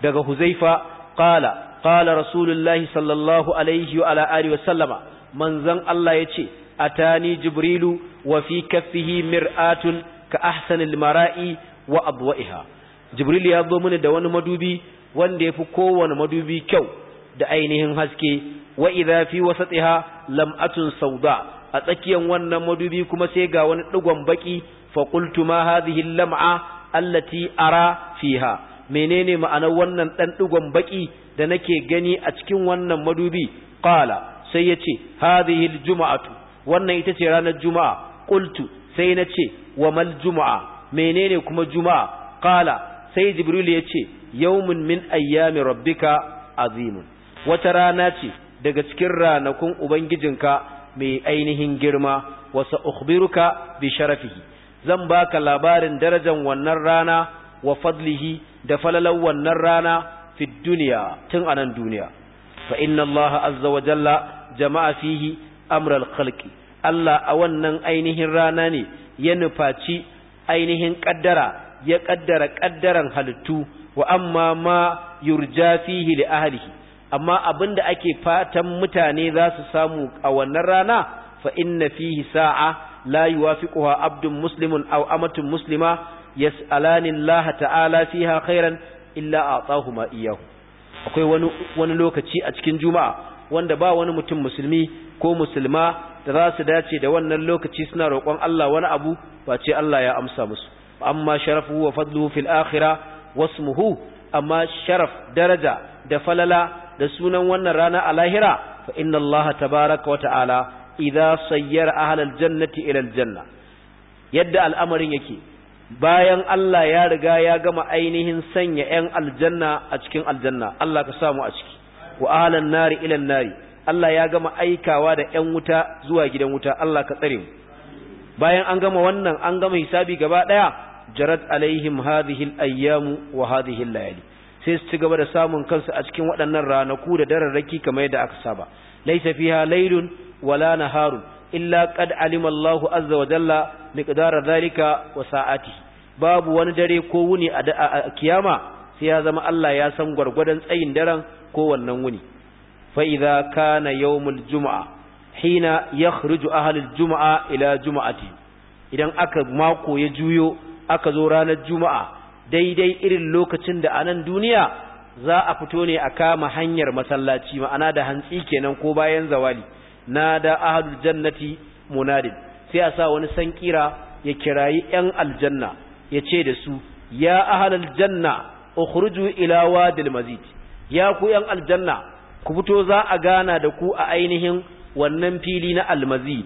S1: daga Huzaifa qala qala rasulullahi sallallahu alaihi wa alihi wa sallama manzon Allah yace atani jibrilu wa fi kaffihi mir'atun ka ahsanil mara'i wa abwa'iha jibril ya zo mini da wani madubi wanda yafi kowane madubi kyau da ainihin haske wa idha fi wasatiha lam'atun sauda a tsakiyar wannan madubi kuma sai ga wani digon baki fa qultu ma hadhihi lam'a allati ara fiha menene ma'anar wannan dan digon baki da nake gani a cikin wannan madubi qala sai yace hadhihi aljum'atu wannan ita ce ranar juma'a qultu sai nace wa mal juma'a menene kuma juma'a qala sai jibril ya ce yawmun min ayyami rabbika azimun wata rana ce daga cikin ranakun ubangijinka mai ainihin girma wasa ukhbiruka bi sharafihi zan baka labarin darajar wannan rana wa fadlihi da falalan wannan rana fi duniya tun anan duniya fa inna allaha azza wa jalla jama'a fihi amral khalqi Allah a wannan ainihin rana ne ya nufaci ainihin ƙaddara ya ƙaddara ƙaddaran halittu wa amma ma yurja fihi li ahlihi amma abinda ake fatan mutane za su samu a wannan rana fa inna fihi sa'a la yuwafiquha abdun muslimun aw amatun muslima yas'alani Allah ta'ala fiha khairan illa a'tahuma iyyahu akwai wani wani lokaci a cikin juma'a wanda ba wani mutum musulmi ko musulma da za su dace da wannan lokaci suna roƙon Allah wani abu face Allah ya amsa musu amma sharafu wa fadluhu fil wasu wasmuhu amma sharaf daraja da falala da sunan wannan rana a lahira fa inna Allah tabaaraka wa ta'ala idza sayyara ahlal jannati ila al janna yadda al'amarin yake bayan Allah ya riga ya gama ainihin sanya 'yan aljanna a cikin aljanna Allah ka samu a ciki wa ahlan nari ila nari Allah ya gama aikawa da ƴan wuta zuwa gidan wuta Allah ka tsare mu bayan an gama wannan an gama hisabi gaba ɗaya, jarat alaihim hadhihi ayyamu wa hadhihi layali sai su ci gaba da samun kansu a cikin waɗannan ranaku da dararraki kamar yadda aka saba laysa fiha laylun wala naharun illa qad alima Allah azza wa jalla miqdara dhalika wa sa'ati babu wani dare ko wuni a kiyama sai ya zama Allah ya san gwargwadon tsayin daren ko wannan wuni فإذا كان يوم الجمعة حين juma'a ila juma'a إلى idan aka mako ya juyo aka zo ranar juma'a, daidai irin lokacin da anan duniya, za a fito ne a kama hanyar masallaci ma'ana da hantsi kenan ko bayan zawali na da ahadul jannati munadin sai a sa wani sankira ya kirayi yan aljanna ya ce da su ya ahalal janna ukhruju ila wadil mazid ya ku yan aljanna ku fito za a gana da ku a ainihin wannan fili na almazid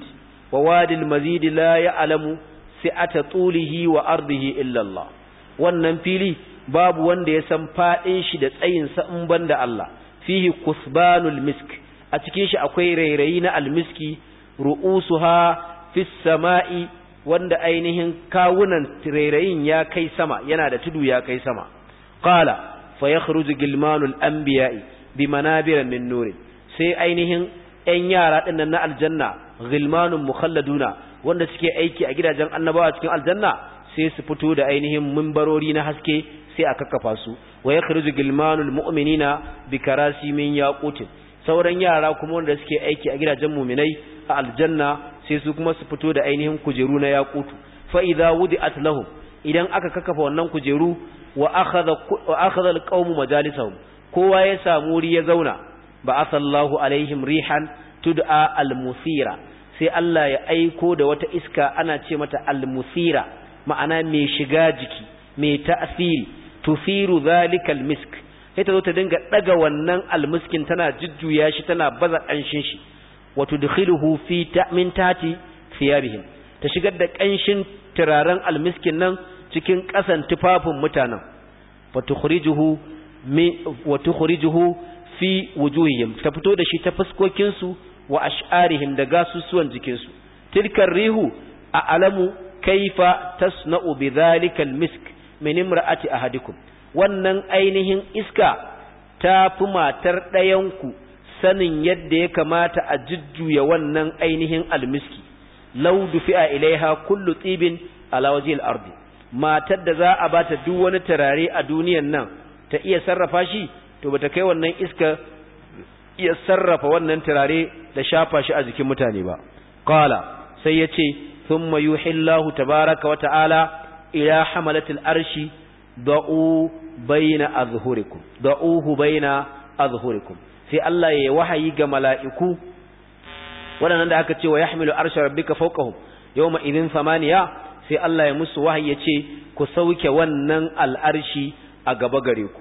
S1: wa wadil mazid la ya'lamu si'ata tulihi wa ardihi illa Allah wannan fili babu wanda ya san fadin shi da tsayin sa in banda Allah fihi kusbanul misk a cikin shi akwai rairayi na almiski ru'usuha fis sama'i wanda ainihin kawunan rairayin ya kai sama yana da tudu ya kai sama qala fa yakhruju gilmanul anbiya'i bi manabira min nurin sai ainihin ƴan yara ɗinnan na aljanna ghilmanun mukhalladuna wanda suke aiki a gidajen annabawa cikin aljanna sai su fito da ainihin mimbarori na haske sai a kakkafa su wa yakhruju gilmanul mu'minina bi karasi min yaqutin sauran yara kuma wanda suke aiki a gidajen muminai a aljanna sai su kuma su fito da ainihin kujeru na yaqutu fa idza wudi'at lahum idan aka kakafa wannan kujeru wa akhadha wa akhadha kowa ya samu wuri ya zauna ba sallahu alaihim rihan tud'a almusira sai Allah ya aiko da wata iska ana ce mata almusira ma'ana mai shiga jiki mai ta'asiri tusiru zalika almisk sai ta zo ta dinga daga wannan almiskin tana jujjuya shi tana baza kanshin shi wa tudkhiluhu fi ta'min tati thiyabihim ta shigar da kanshin turaren almiskin nan cikin kasan tufafin mutanen fa tukhrijuhu mi wa tukhrijuhu fi wujuhihim ta fito da shi ta fuskokin su wa ash'arihim da gasusuwan jikin su tilkar rihu a alamu kaifa tasna'u bidhalika almisk min imra'ati ahadikum wannan ainihin iska ta fi matar ɗayanku sanin yadda ya kamata a jujjuya wannan ainihin almiski law dufi'a ilaiha kullu tsibin ala wajhil ardi matar da za a bata duk wani turare a duniyan nan ta iya sarrafa shi to bata kai wannan iska iya sarrafa wannan turare da shafa shi a jikin mutane ba qala sai yace thumma yuhillahu tabaaraka wa ta'ala ila hamalatil arshi da'u bayna azhurikum da'uhu bayna azhurikum sai Allah ya wahayi ga mala'iku waɗannan da aka ce wa yahmilu arsha rabbika fawqahum yawma idin samaniya sai Allah ya musu wahayi ya ce ku sauke wannan al'arshi a gaba gare ku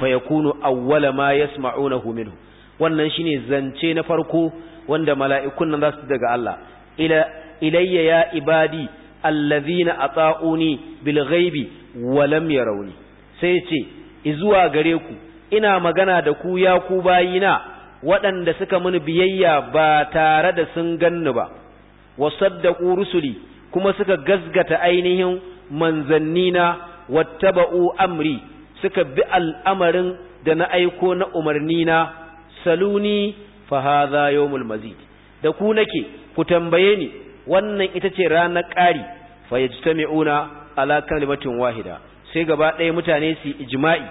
S1: fayakunu awwala ma yasma'unahu minhu wannan shine zance na farko wanda mala'ikun nan zasu daga Allah ila ilayya ya ibadi allazina ata'uni bil ghaibi wa lam yarawni sai ce izuwa gare ku ina magana da ku ya ku bayina waɗanda suka mini biyayya ba tare da sun ganni ba wa saddaqu rusuli kuma suka gazgata ainihin manzannina wattaba'u amri suka bi al'amarin da na aiko na umarni na saluni fa hadha yawmul mazid da ku nake ku tambaye ni wannan ita ce ranar ƙari fa yajtami'una ala kalimatin wahida sai gaba ɗaya mutane su ijma'i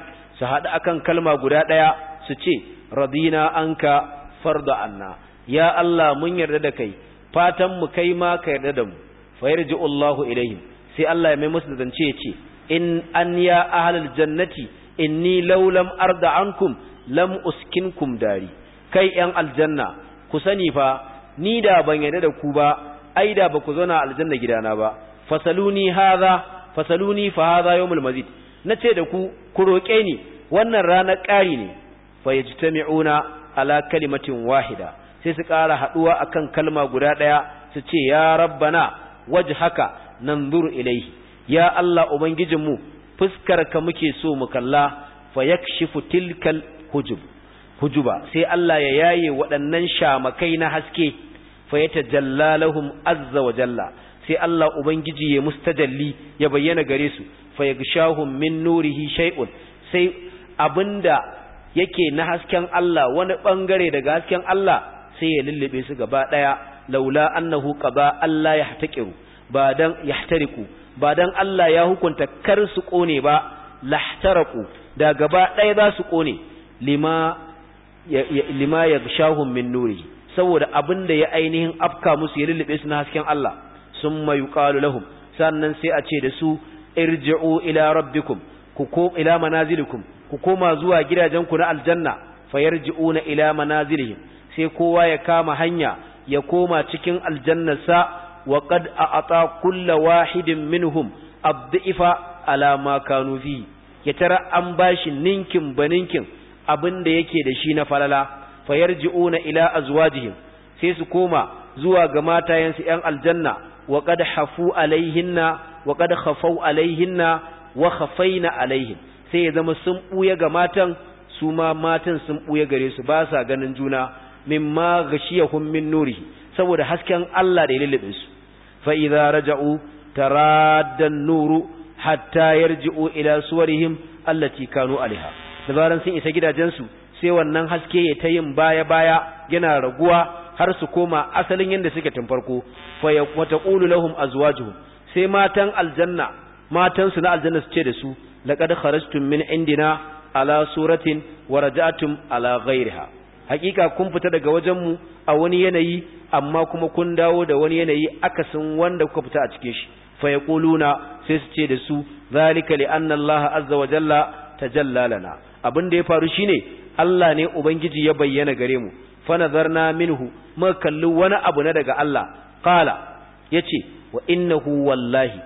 S1: su haɗu akan kalma guda ɗaya su ce radina anka farda anna ya Allah mun yarda da kai fatan mu kai ma ka yarda da mu fa yarji'u Allahu ilaihim sai Allah ya mai musu zance ya ce in an ya ahlal jannati ni laulam arda ankum lam uskinkum dari kai yan aljanna ku sani fa ni da ban yarda da ku ba ai da ba ku zauna aljanna gidana ba fasaluni haza fasaluni fa hadha yawmul mazid nace da ku ku roƙe ni wannan ranar ƙari ne fa yajtami'una ala kalimatin wahida sai su ƙara haduwa akan kalma guda ɗaya su ce ya rabbana wajhaka nanzur ilaihi. ya Allah ubangijinmu ka muke so mu kalla fa yakshifu tilkal hujub hujuba sai Allah ya yaye waɗannan shamakai na haske fa yatajalla lahum azza wa jalla sai Allah ubangiji ya mustajalli ya bayyana gare su fa yagshahum min nurihi shay'un sai abinda yake na hasken Allah wani bangare daga hasken Allah sai ya lullube su gaba daya laula annahu qaba Allah yahtaqiru ba dan yahtariku ba dan Allah ya hukunta kar su kone ba lahtaraku da gaba ɗaya za su kone lima ya shahun min nuri saboda abin da ya ainihin afka musu ya lullube su na hasken Allah sun yuqalu lahum sannan sai a ce da su irji'u ila rabbikum ku ko ila manazilikum ku koma zuwa gidajenku na aljanna fayarji'una ila manazilihim sai kowa ya kama hanya ya koma cikin aljannarsa wa a a'ata kulla wahidin min hum, dhifa ala ma kanu fi ya tara an bashi ninkin baninkin abinda da yake da shi na falala na ila a azwajihim sai su koma zuwa ga matayensu ‘yan aljanna wa kad hafu alaihinna wa kad hafau alaihinna wa hafaina alaihin sai ya zama sun ɓuya ga matan su ma matan sun ɓuya gare su ba sa ganin juna min ma gashiyahum min nurihi saboda hasken Allah da ya lullube su فإذا رجعوا تراد النور حتى يرجعوا إلى صورهم التي كانوا عليها dabaran sun isa gidajensu sai wannan haske ya ta yin baya-baya yana raguwa har su koma asalin yadda suke tun farko wata ƙulu lahum azwajuhum sai matan aljanna matan su na aljanna su ce da su laqad kharajtum min indina ala suratin wa raja'tum ala ghayriha hakika kun fita daga wajenmu a wani yanayi amma kuma kun dawo da wani yanayi akasin wanda kuka fita a cikin shi fa yaquluna sai su ce da su zalika li anna Allah azza wa jalla tajalla lana abin da ya faru shine Allah ne ubangiji ya bayyana gare mu fa nazarna minhu ma kalli wani abu na daga Allah qala yace wa innahu wallahi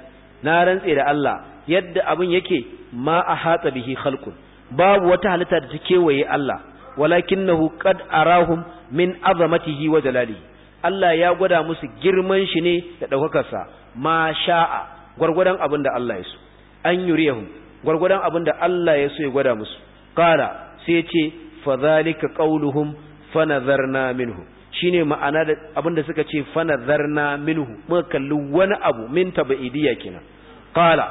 S1: na rantse da Allah yadda abin yake ma a hatsa bihi khalqun babu wata halitta da ta kewaye Allah walakinahu qad arahum min azamatihi wa jalalihi Allah ya gwada musu girman shi ne da daukakarsa ma sha'a gwargwadon abin da Allah ya so an yuriyahum gwargwadon abin da Allah ya so ya gwada musu qala sai ya ce fa zalika qauluhum fa nazarna minhu shine ma'ana da abin da suka ce fa nazarna minhu muka kalli wani abu min tabaidiyya kenan qala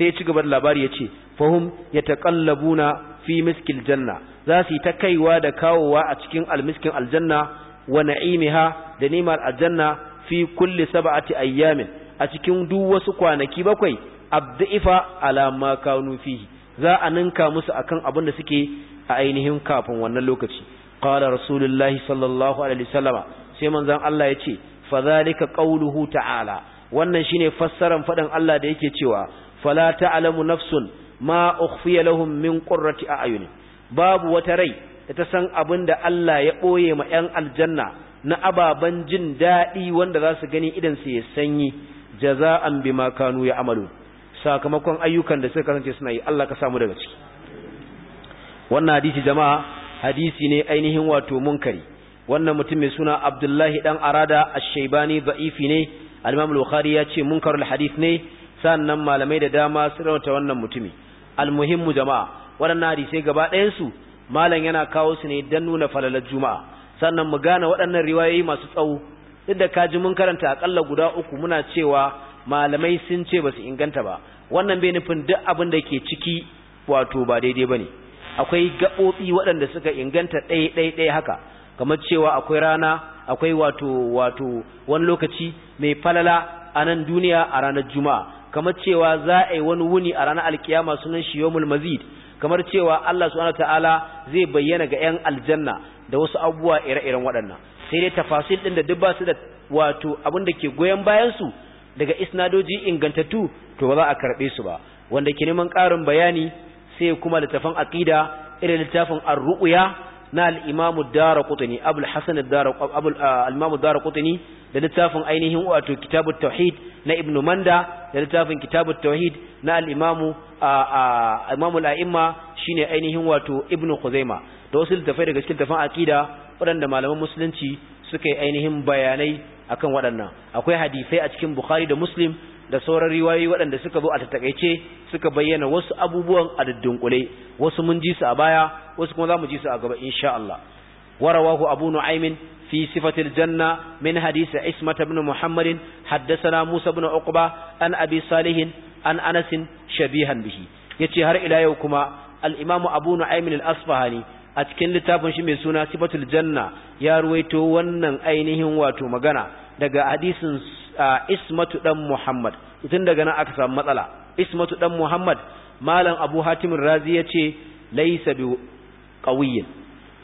S1: sai ya ci gaba da labari ya ce fahum yataqallabuna fi miskil janna za su yi ta kaiwa da kawowa a cikin almiskin aljanna wa na'imiha da nimar aljanna fi kulli sab'ati ayyamin a cikin duk wasu kwanaki bakwai abdu'ifa ala ma kanu fihi za a ninka musu akan abin da suke a ainihin kafin wannan lokaci qala rasulullahi sallallahu alaihi wasallama sai manzon Allah ya ce fa zalika qawluhu ta'ala wannan shine fassaran faɗan Allah da yake cewa fala ta'lamu nafsun ma ukhfiya lahum min qurrati a'yun babu wata rai da ta san abin da Allah ya boye ma 'yan aljanna na ababan jin daɗi wanda za su gani idan su ya sanyi jaza'an bima kanu ya amalu sakamakon ayyukan da suka kasance suna yi Allah ka samu daga ciki wannan hadisi jama'a hadisi ne ainihin wato munkari wannan mutum mai suna Abdullahi dan Arada Ash-Shaybani ne Al-Imam Bukhari ya ce munkarul hadith ne sannan malamai da dama sun rawata wannan mutumi almuhimmu jama'a waɗannan hadisai gaba ɗayansu malam yana kawo su ne don nuna falalar juma'a sannan mu gane waɗannan riwayoyi masu tsawo duk da kaji mun karanta akalla guda uku muna cewa malamai sun ce ba su inganta ba wannan bai nufin duk abin da ke ciki wato ba daidai ba ne akwai gaɓoɓi waɗanda suka inganta ɗaya ɗaya ɗaya haka kamar cewa akwai rana akwai wato wato wani lokaci mai falala a nan duniya a ranar juma'a kamar cewa za a yi wani wuni a ranar alkiyama sunan shi yawmul mazid kamar cewa Allah subhanahu ta'ala zai bayyana ga ƴan aljanna da wasu abubuwa ire-iren waɗannan sai dai tafasil din da duk ba su da wato abin da ke goyen bayan su daga isnadoji ingantattu to ba za a karbe su ba wanda ke neman ƙarin bayani sai kuma littafin aqida irin littafin ar-ru'ya na al'imamu dara kutuni abul ah, da littafin ainihin wato kitabu tauhid na ibn manda da littafin kitabut tauhid na al-imamu imamu al-a'imma shine ainihin wato ibn khuzaima da wasu littafai daga cikin tafan aqida waɗanda malaman musulunci suka yi ainihin bayanai akan waɗannan akwai hadisai a cikin bukhari da muslim da sauran riwayoyi waɗanda suka zo a tattakaice suka bayyana wasu abubuwan a dudunkule wasu mun ji su a baya wasu kuma za mu ji su a gaba insha Allah ورواه أبو نعيم في صفة الجنة من حديث Haddasana بن محمد حدثنا موسى بن عقبة an أبي صالح عن أنس شبيها به يتهر إلى يوكما الإمام أبو نعيم الأصفهاني a cikin littafin shi mai suna sifatul janna ya ruwaito wannan ainihin wato magana daga hadisin ismatu dan muhammad tun daga nan aka samu matsala ismatu dan muhammad malam abu hatimin razi ya ce laisa bi qawiyyin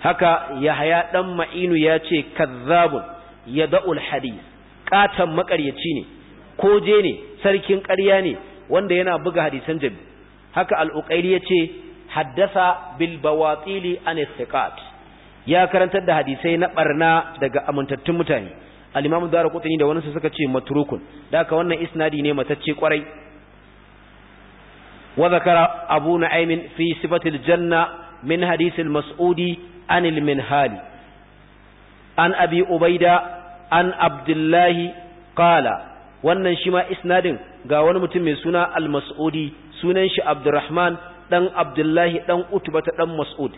S1: haka yahaya dan ma'inu ya ce kazzabun da'ul hadis katan makaryaci ne koje ne sarkin ƙarya ne wanda yana buga hadisan jabi haka al ya ce haddasa bil bawatili an istiqat ya karantar da hadisai na barna daga amintattun mutane al-imam darqutni da wani suka ce matrukun da haka wannan isnadi ne matacce kwarai wa zakara abu nu'aymin fi sifatil janna min hadisil masudi عن المنهال عن أبي ubaida عن عبد الله قال wannan shi ma isnadin ga wani mutum mai suna Almas'udi sunan shi Abdulrahman dan abdullahi dan utba ta dan mas'ud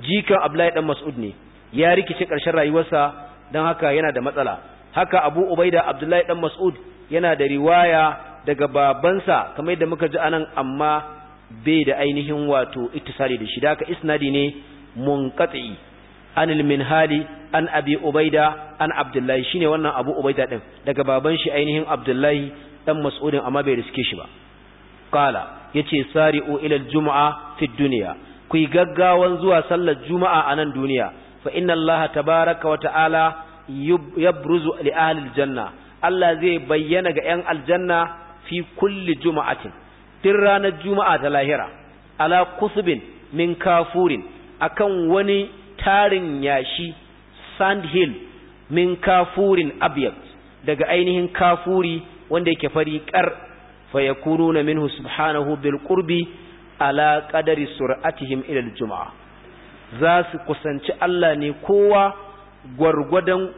S1: jikan abdullahi dan mas'ud ne ya rikici karshen rayuwarsa dan haka yana da matsala haka abu ubaida abdullahi dan mas'ud yana da riwaya daga babansa kamar yadda muka ji anan amma bai da ainihin wato ittisali da shi da haka isnadi ne munqati an al-minhali an abi ubaida an abdullahi shine wannan abu ubaida din daga baban shi ainihin abdullahi dan mas'udin amma bai riske shi ba qala yace sari'u ila al-jum'a fi dunya ku gaggawan zuwa sallar juma'a a nan duniya fa inna Allah tabaaraka wa ta'ala yabruzu li ahli janna Allah zai bayyana ga 'yan aljanna fi kulli juma'atin, tun ranar juma'a ta lahira, ala kusubin min kafurin akan wani tarin yashi sand hill min kafurin abyad daga ainihin kafuri wanda yake fari kar fayakununa minhu subhanahu bil qurbi ala qadari sur'atihim ila al jum'a za su kusanci Allah ne kowa gwargwadon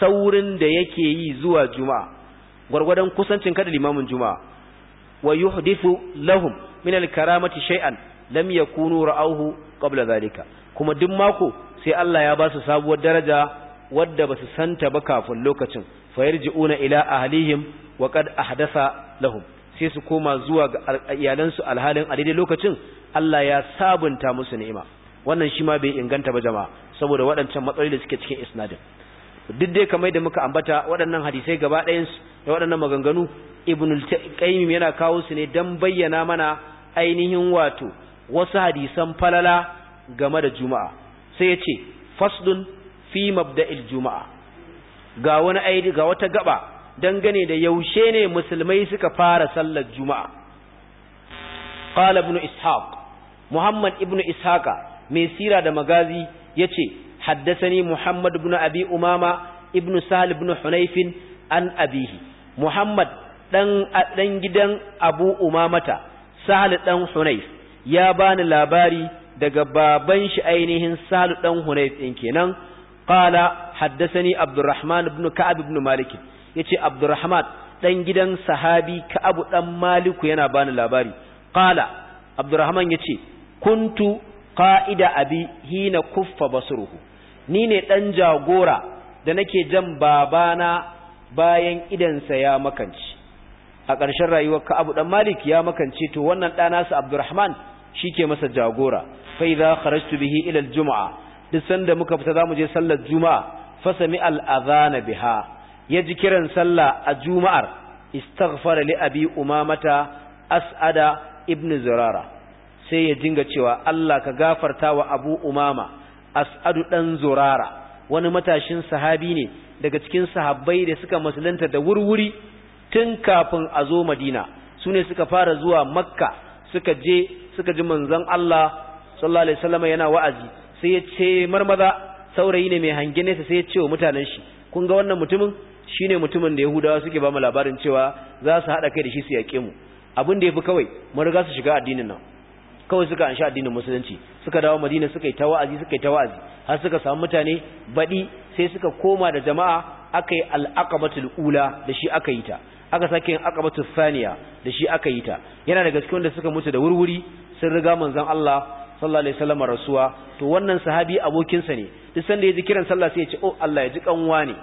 S1: saurin da yake yi zuwa juma'a gwargwadon kusancin kada limamin juma'a wa yuhdithu lahum min al karamati shay'an lam yakunu ra'awhu qabla zalika kuma duk mako sai Allah ya ba su sabuwar daraja wadda ba su santa ba kafin lokacin yarji'una ila ahlihim wa qad ahdasa lahum sai su koma zuwa ga iyalansu alhalin a daidai lokacin Allah ya sabunta musu ni'ima wannan shi ma bai inganta ba jama'a saboda waɗancan matsaloli da suke cikin isnadin duk dai kamar da muka ambata waɗannan hadisai gaba ɗayan da waɗannan maganganu ibnul qayyim yana kawo su ne dan bayyana mana ainihin wato wasu hadisan falala game da juma'a sai ya ce faslun fi mabda'il juma'a ga wani aidi ga wata gaba dangane da yaushe ne musulmai suka fara sallar juma'a qala ibn ishaq muhammad ibn ishaqa mai sira da magazi yace haddasani muhammad ibn abi umama ibn sal ibn Hunaifin an abihi muhammad dan gidan abu umamata sal dan hunayf ya bani labari daga baban shi ainihin Salu dan Hunayf din kenan qala haddathani Abdurrahman ibn Ka'ab ibn Malik yace Abdurrahman dan gidan sahabi Ka'ab dan Malik yana bani labari qala Abdurrahman yace kuntu qa'ida abi hina kuffa basruhu ni ne dan jagora da nake jan babana bayan idansa ya makanci a ƙarshen rayuwar Ka'ab dan Malik ya makance to wannan ɗana su Abdurrahman shi ke masa jagora fai za kharajtu bihi ila juma'a duk sanda muka fita za mu je sallar juma'a fa sami na biha ya ji kiran sallah a juma'ar istaghfara li abi umamata as'ada ibn zurara sai ya dinga cewa Allah ka gafarta wa abu umama as'adu dan zurara wani matashin sahabi ne daga cikin sahabbai da suka musulunta da wurwuri tun kafin a zo madina su ne suka fara zuwa makka suka je suka ji manzon Allah sallallahu alaihi wasallam yana wa'azi sai ya ce marmaza saurayi ne mai hange nesa sai ya ce wa mutanen shi kun ga wannan mutumin shine mutumin da Yahudawa suke ba mu labarin cewa za su hada kai da shi su yaƙe mu abin da yafi kawai mu riga su shiga addinin nan kawai suka ansha addinin musulunci suka dawo Madina suka yi ta wa'azi suka yi ta wa'azi har suka samu mutane baɗi, sai suka koma da jama'a aka yi al'aqabatul ula da shi aka yi ta aka sake yin batu thaniya da shi aka yi ta yana daga cikin wanda suka mutu da wurwuri sun riga manzon Allah sallallahu alaihi wasallam rasuwa to wannan sahabi abokin sa ne duk sanda ya ji kiran sallah sai ya ce oh Allah ya ji kanwa ne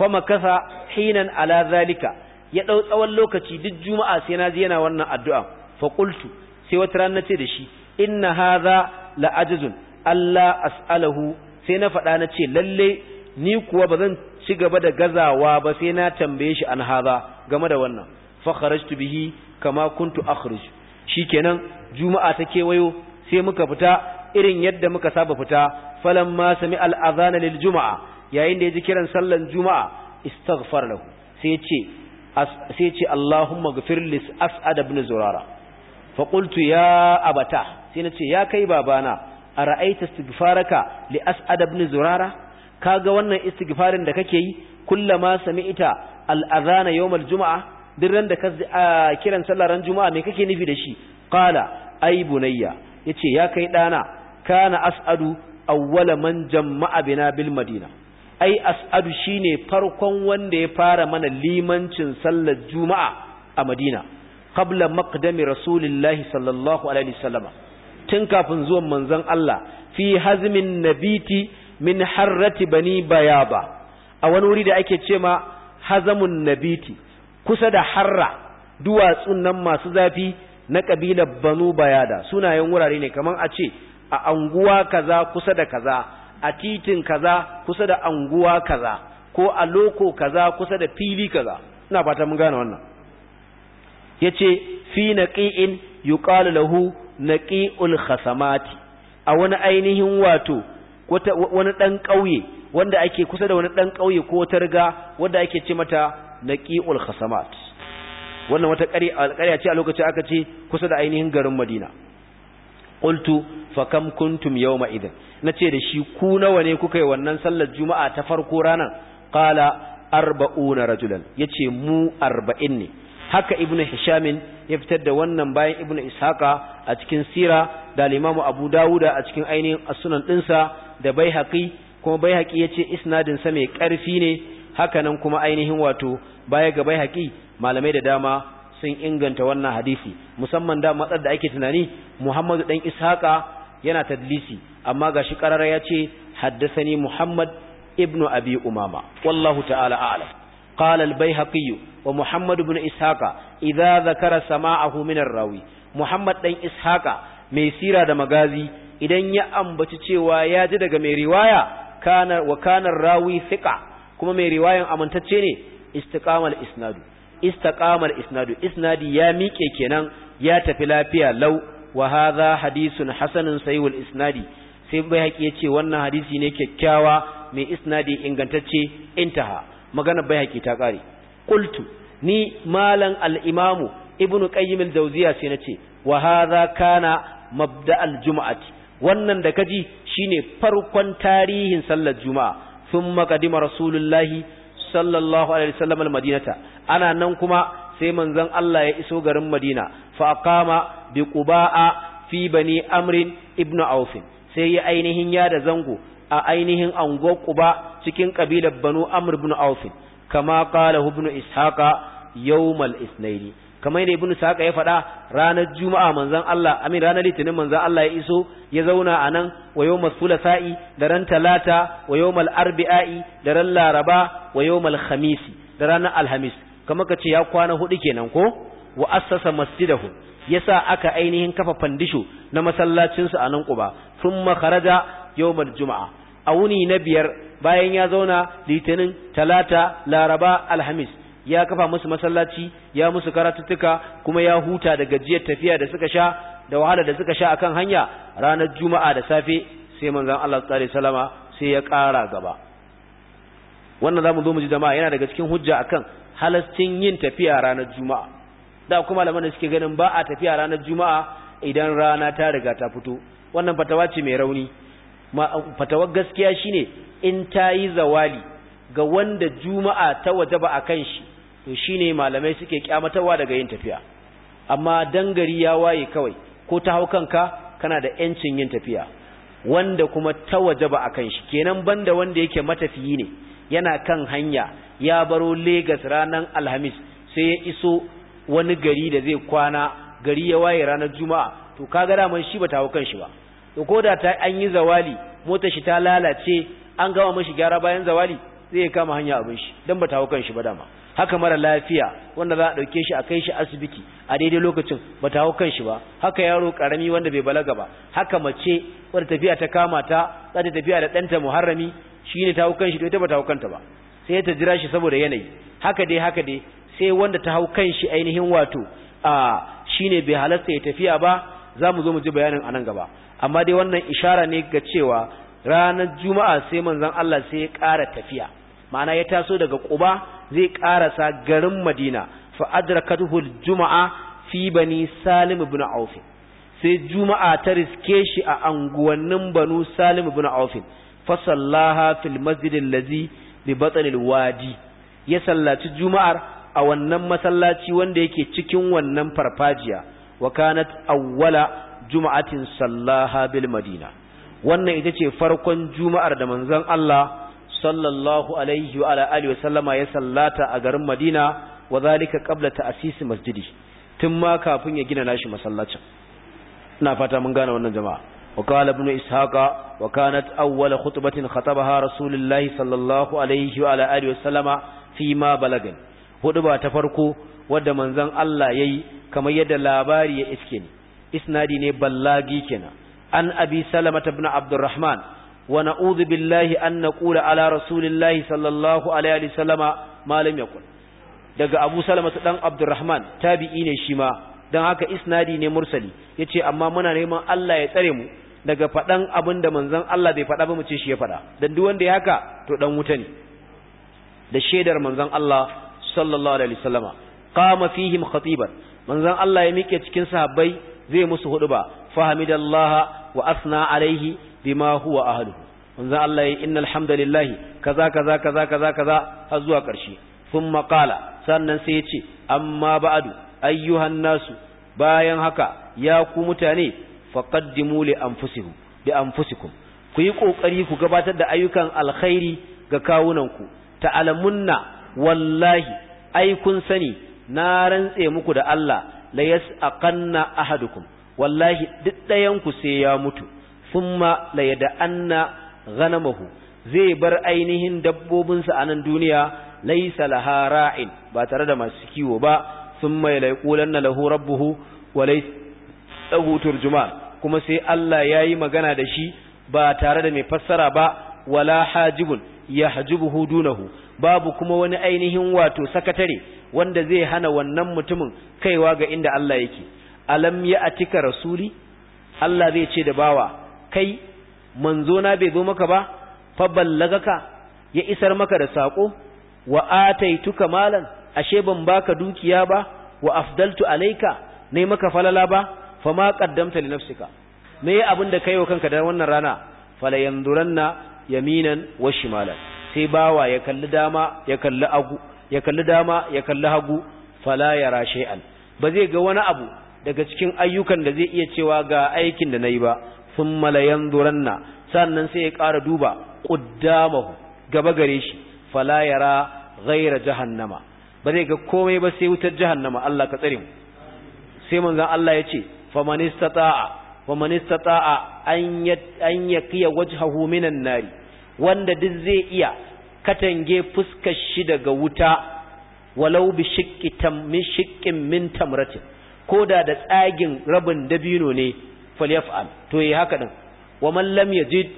S1: fama kasa hinan ala zalika ya dau tsawon lokaci duk juma'a sai na ji yana wannan addu'a fa qultu sai wata ran nace da shi inna hadha la ajzun Allah as'alahu sai na faɗa nace ce lalle ni kuwa bazan ci gaba da gazawa ba sai na tambaye shi an haza game da wannan fa kharajtu bihi kama kuntu Shi kenan, juma'a ta kewayo sai muka fita irin yadda muka saba fita falamma sami al'azana lil juma'a yayin da ya ji kiran sallan juma'a istaghfar lahu sai ya ce sai ya ce Allahumma ghfir li as'ad ibn zurara fa qultu ya abata sai na ce ya kai babana ara'aita istighfaraka li as'ad ibn zurara kaga wannan istighfarin da kake yi kullama sami'ta al-adhana yawmal jumu'a duk ran da ka kiran sallar ran juma'a me kake nufi da shi qala ay bunayya yace ya kai dana kana as'adu awwala man jama'a bina bil madina ai as'adu shine farkon wanda ya fara mana limancin sallar juma'a a madina qabla maqdami rasulillahi sallallahu alaihi wasallam tun kafin zuwan manzon Allah fi hazmin nabiti min harrati bani bayaba a wani wuri da ake ce ma hazamun nabiti kusa da harra duwatsun nan masu zafi na ƙabilar banu bayada sunayen wurare ne kamar a ce a anguwa kaza kusa da kaza a titin kaza kusa da anguwa kaza ko a loko kaza kusa da fili kaza ina fata mun gane wannan yace fi naqi'in yuqalu lahu naqi'ul khasamati a wani ainihin wato wani ɗan ƙauye wanda ake kusa da wani ɗan ƙauye ko wata riga wanda ake ce mata naqi'ul khasamat wannan wata ƙarya ce a lokacin aka ce kusa da ainihin garin Madina qultu fa kam kuntum yawma idin nace da shi ku nawa ne kuka yi wannan sallar juma'a ta farko ranar qala arba'una rajulan yace mu arba'in ne haka ibnu hishamin ya fitar da wannan bayan ibnu ishaqa a cikin sira da limamu abu dawuda a cikin ainihin asunan ɗinsa da baihaqi kuma baihaqi ya ce isnadin sa mai ƙarfi ne haka nan kuma ainihin wato baya ga baihaqi malamai da dama sun inganta wannan hadisi musamman da matsar da ake tunani muhammadu dan ishaqa yana tadlisi amma gashi karara ya ce haddasani muhammad ibnu abi umama wallahu ta'ala a'lam قال البيهقي ومحمد بن إسحاق إذا ذكر سماعه من الراوي محمد بن إسحاق mai sira da magazi idan ya ambaci cewa ya ji daga mai riwaya wa kana rawi thiqa kuma mai riwayan amintacce ne istiqamal isnadu istiqamal isnadu isnadi ya miƙe kenan ya tafi lafiya lau wa hadha hadithun saiwul sayyul isnadi sai bai haƙi ya ce wannan hadisi ne kyakkyawa mai isnadi ingantacce intaha magana haƙi ta kare qultu ni malan al-imamu ibnu qayyim al-jawziya sai nace wa hadha kana mabda al-jum'ati wannan da kaji shine farkon tarihin sallar juma'a thumma qadima rasulullahi sallallahu alaihi wasallam al-madinata ana nan kuma sai manzon Allah ya iso garin Madina fa aqama bi quba'a fi bani amrin ibnu Awfin sai ya ainihin ya da zango a ainihin anguwar Quba cikin kabilar Banu Amr ibn Auf kama qala ibn Ishaqa yawmal isnaini kamar yadda ibn Ishaqa ya faɗa ranar Juma'a manzon Allah amin ranar Litinin manzon Allah ya iso ya zauna a nan wa yawmal sulasa'i da ran talata wa yawmal arba'i da ran laraba wa yawmal khamisi da ranar alhamis kamar kace ya kwana hudu kenan ko wa assasa masjidahu yasa aka ainihin kafa fandisho na masallacinsu a nan Quba thumma kharaja yawmar juma'a a wuni na biyar bayan ya zauna litinin talata laraba alhamis ya kafa musu masallaci ya musu karatuttuka kuma ya huta da gajiyar tafiya da suka sha da wahala da suka sha akan hanya ranar juma'a da safe sai manzon Allah tsare salama sai ya kara gaba wannan zamu zo mu ji jama'a yana daga cikin hujja akan halastin yin tafiya ranar juma'a da kuma malaman da suke ganin ba a tafiya ranar juma'a idan rana ta riga ta fito wannan fatawa ce mai rauni fatawar gaskiya shine in ta yi zawali ga wanda juma'a ta waje ba a kan shi to shine malamai suke kyamatarwa daga yin tafiya amma dangari ya waye kawai ko ta hau kanka kana da yancin yin tafiya wanda kuma ta waje ba a kan shi kenan banda wanda yake matafiyi ne yana kan hanya ya baro Legas ranar Alhamis sai ya iso wani gari da zai kwana gari ya waye ranar Juma'a to kaga daman shi bata hau kan shi ba to ko da ta an yi zawali motar shi ta lalace an gama mashi gyara bayan zawali zai ya kama hanya abin shi dan ba ta hau kanshi ba dama haka mara lafiya wanda za a ɗauke shi a kai shi asibiti a daidai lokacin ba ta hau kanshi ba haka yaro karami wanda bai balaga ba haka mace wanda tafiya ta kama ta za ta tafiya da ɗanta muharrami shine ta hau kanshi to ita ba ta hau kanta ba sai ta jira shi saboda yanayi haka dai haka dai sai wanda ta hau kan shi ainihin wato a shine bai halarta ya tafiya ba za mu zo mu ji bayanin anan gaba amma dai wannan ishara ne ga cewa ranar juma'a sai manzon Allah sai ya ƙara tafiya ma'ana ya taso daga Quba zai ƙarasa garin Madina fa adrakatuhu juma'a fi bani Salim ibn Auf sai juma'a ta riske shi a anguwannin Banu Salim ibn Auf fa sallaha fil masjid allazi bi batn wadi ya sallaci juma'ar a wannan masallaci wanda yake cikin wannan farfajiya wa kanat awwala juma'atin sallaha bil madina wannan ita ce farkon juma'ar da manzon Allah sallallahu alaihi wa alihi wasallama ya sallata a garin Madina wa zalika qabla ta'sis masjidi tun ma kafin ya gina nashi masallacin ina fata mun gane wannan jama'a wa qala ibn ishaqa wa kanat awwal khutbatin khatabaha rasulullahi sallallahu alaihi wa alihi wasallama fi ma balagan hudu ba ta farko wadda manzon Allah yayi kamar yadda labari ya iske ni isnadi ne ballagi kenan an abi salama ibn abdurrahman wa na'udhu billahi an naqula ala rasulillahi sallallahu alaihi wa sallama malam yakul daga abu ɗan dan abdurrahman tabi'i ne shi ma dan haka isnadi ne mursali yace amma muna neman Allah ya tsare mu daga faɗan abin da manzon Allah bai faɗa ba mu ce shi ya faɗa dan duk wanda ya haka to dan wuta ne da shaidar manzon Allah sallallahu alaihi wasallama qama fihim khatiban manzon Allah ya mike cikin sahabbai zai musu hudu ba fahamidallaha wa asna alaihi bima huwa ahlu Wanzan Allah ya innal alhamdulillahi. kaza kaza kaza kaza kaza har zuwa karshe sun maƙala sannan sai ya ce amma ba'adu ayyuhan nasu bayan haka ya ku mutane faqaddimu li anfusikum bi anfusikum ku yi kokari ku gabatar da ayyukan alkhairi ga kawunanku ta'alamunna wallahi ai kun sani na rantse muku da Allah la yas'aqanna ahadukum wallahi duk ɗayan ku sai ya mutu thumma la yada'anna ghanamahu zai bar ainihin dabbobinsa a nan duniya laysa laha ra'in ba tare da masu kiwo ba thumma la yaqulanna lahu rabbuhu wa laysa lahu kuma sai Allah yayi magana da shi ba tare da mai fassara ba wala hajibun yahjubuhu hudunahu babu kuma wani ainihin wato sakatare wanda zai hana wannan mutumin kaiwa ga inda Allah yake alam ya atika rasuli Allah zai ce da bawa kai manzo na bai zo maka ba fa ballagaka ya isar maka da sako wa ataituka malan ashe ban baka dukiya ba wa afdaltu alayka ne maka falala ba fa ma qaddamta li nafsika me abin da kai wa kanka da wannan rana falayanduranna yaminan wa shimalan sai bawa ya kalli dama ya kalli hagu ya kalli dama ya kalli hagu fala yara shay'an ba zai ga wani abu daga cikin ayyukan da zai iya cewa ga aikin da na yi ba thumma la yanzuranna sannan sai ya ƙara duba quddamahu gaba gare shi fala yara ghaira jahannama ba zai ga komai ba sai wutar jahannama Allah ka tsare mu sai manzon Allah ya ce faman wa man istata'a an yaqiya wajhahu minan wanda duk zai iya katange fuskar shi daga wuta walau bi shiqqi min shiqqin min tamratin koda da tsagin rabin dabino ne falyaf'al to yi haka din wa man lam yajid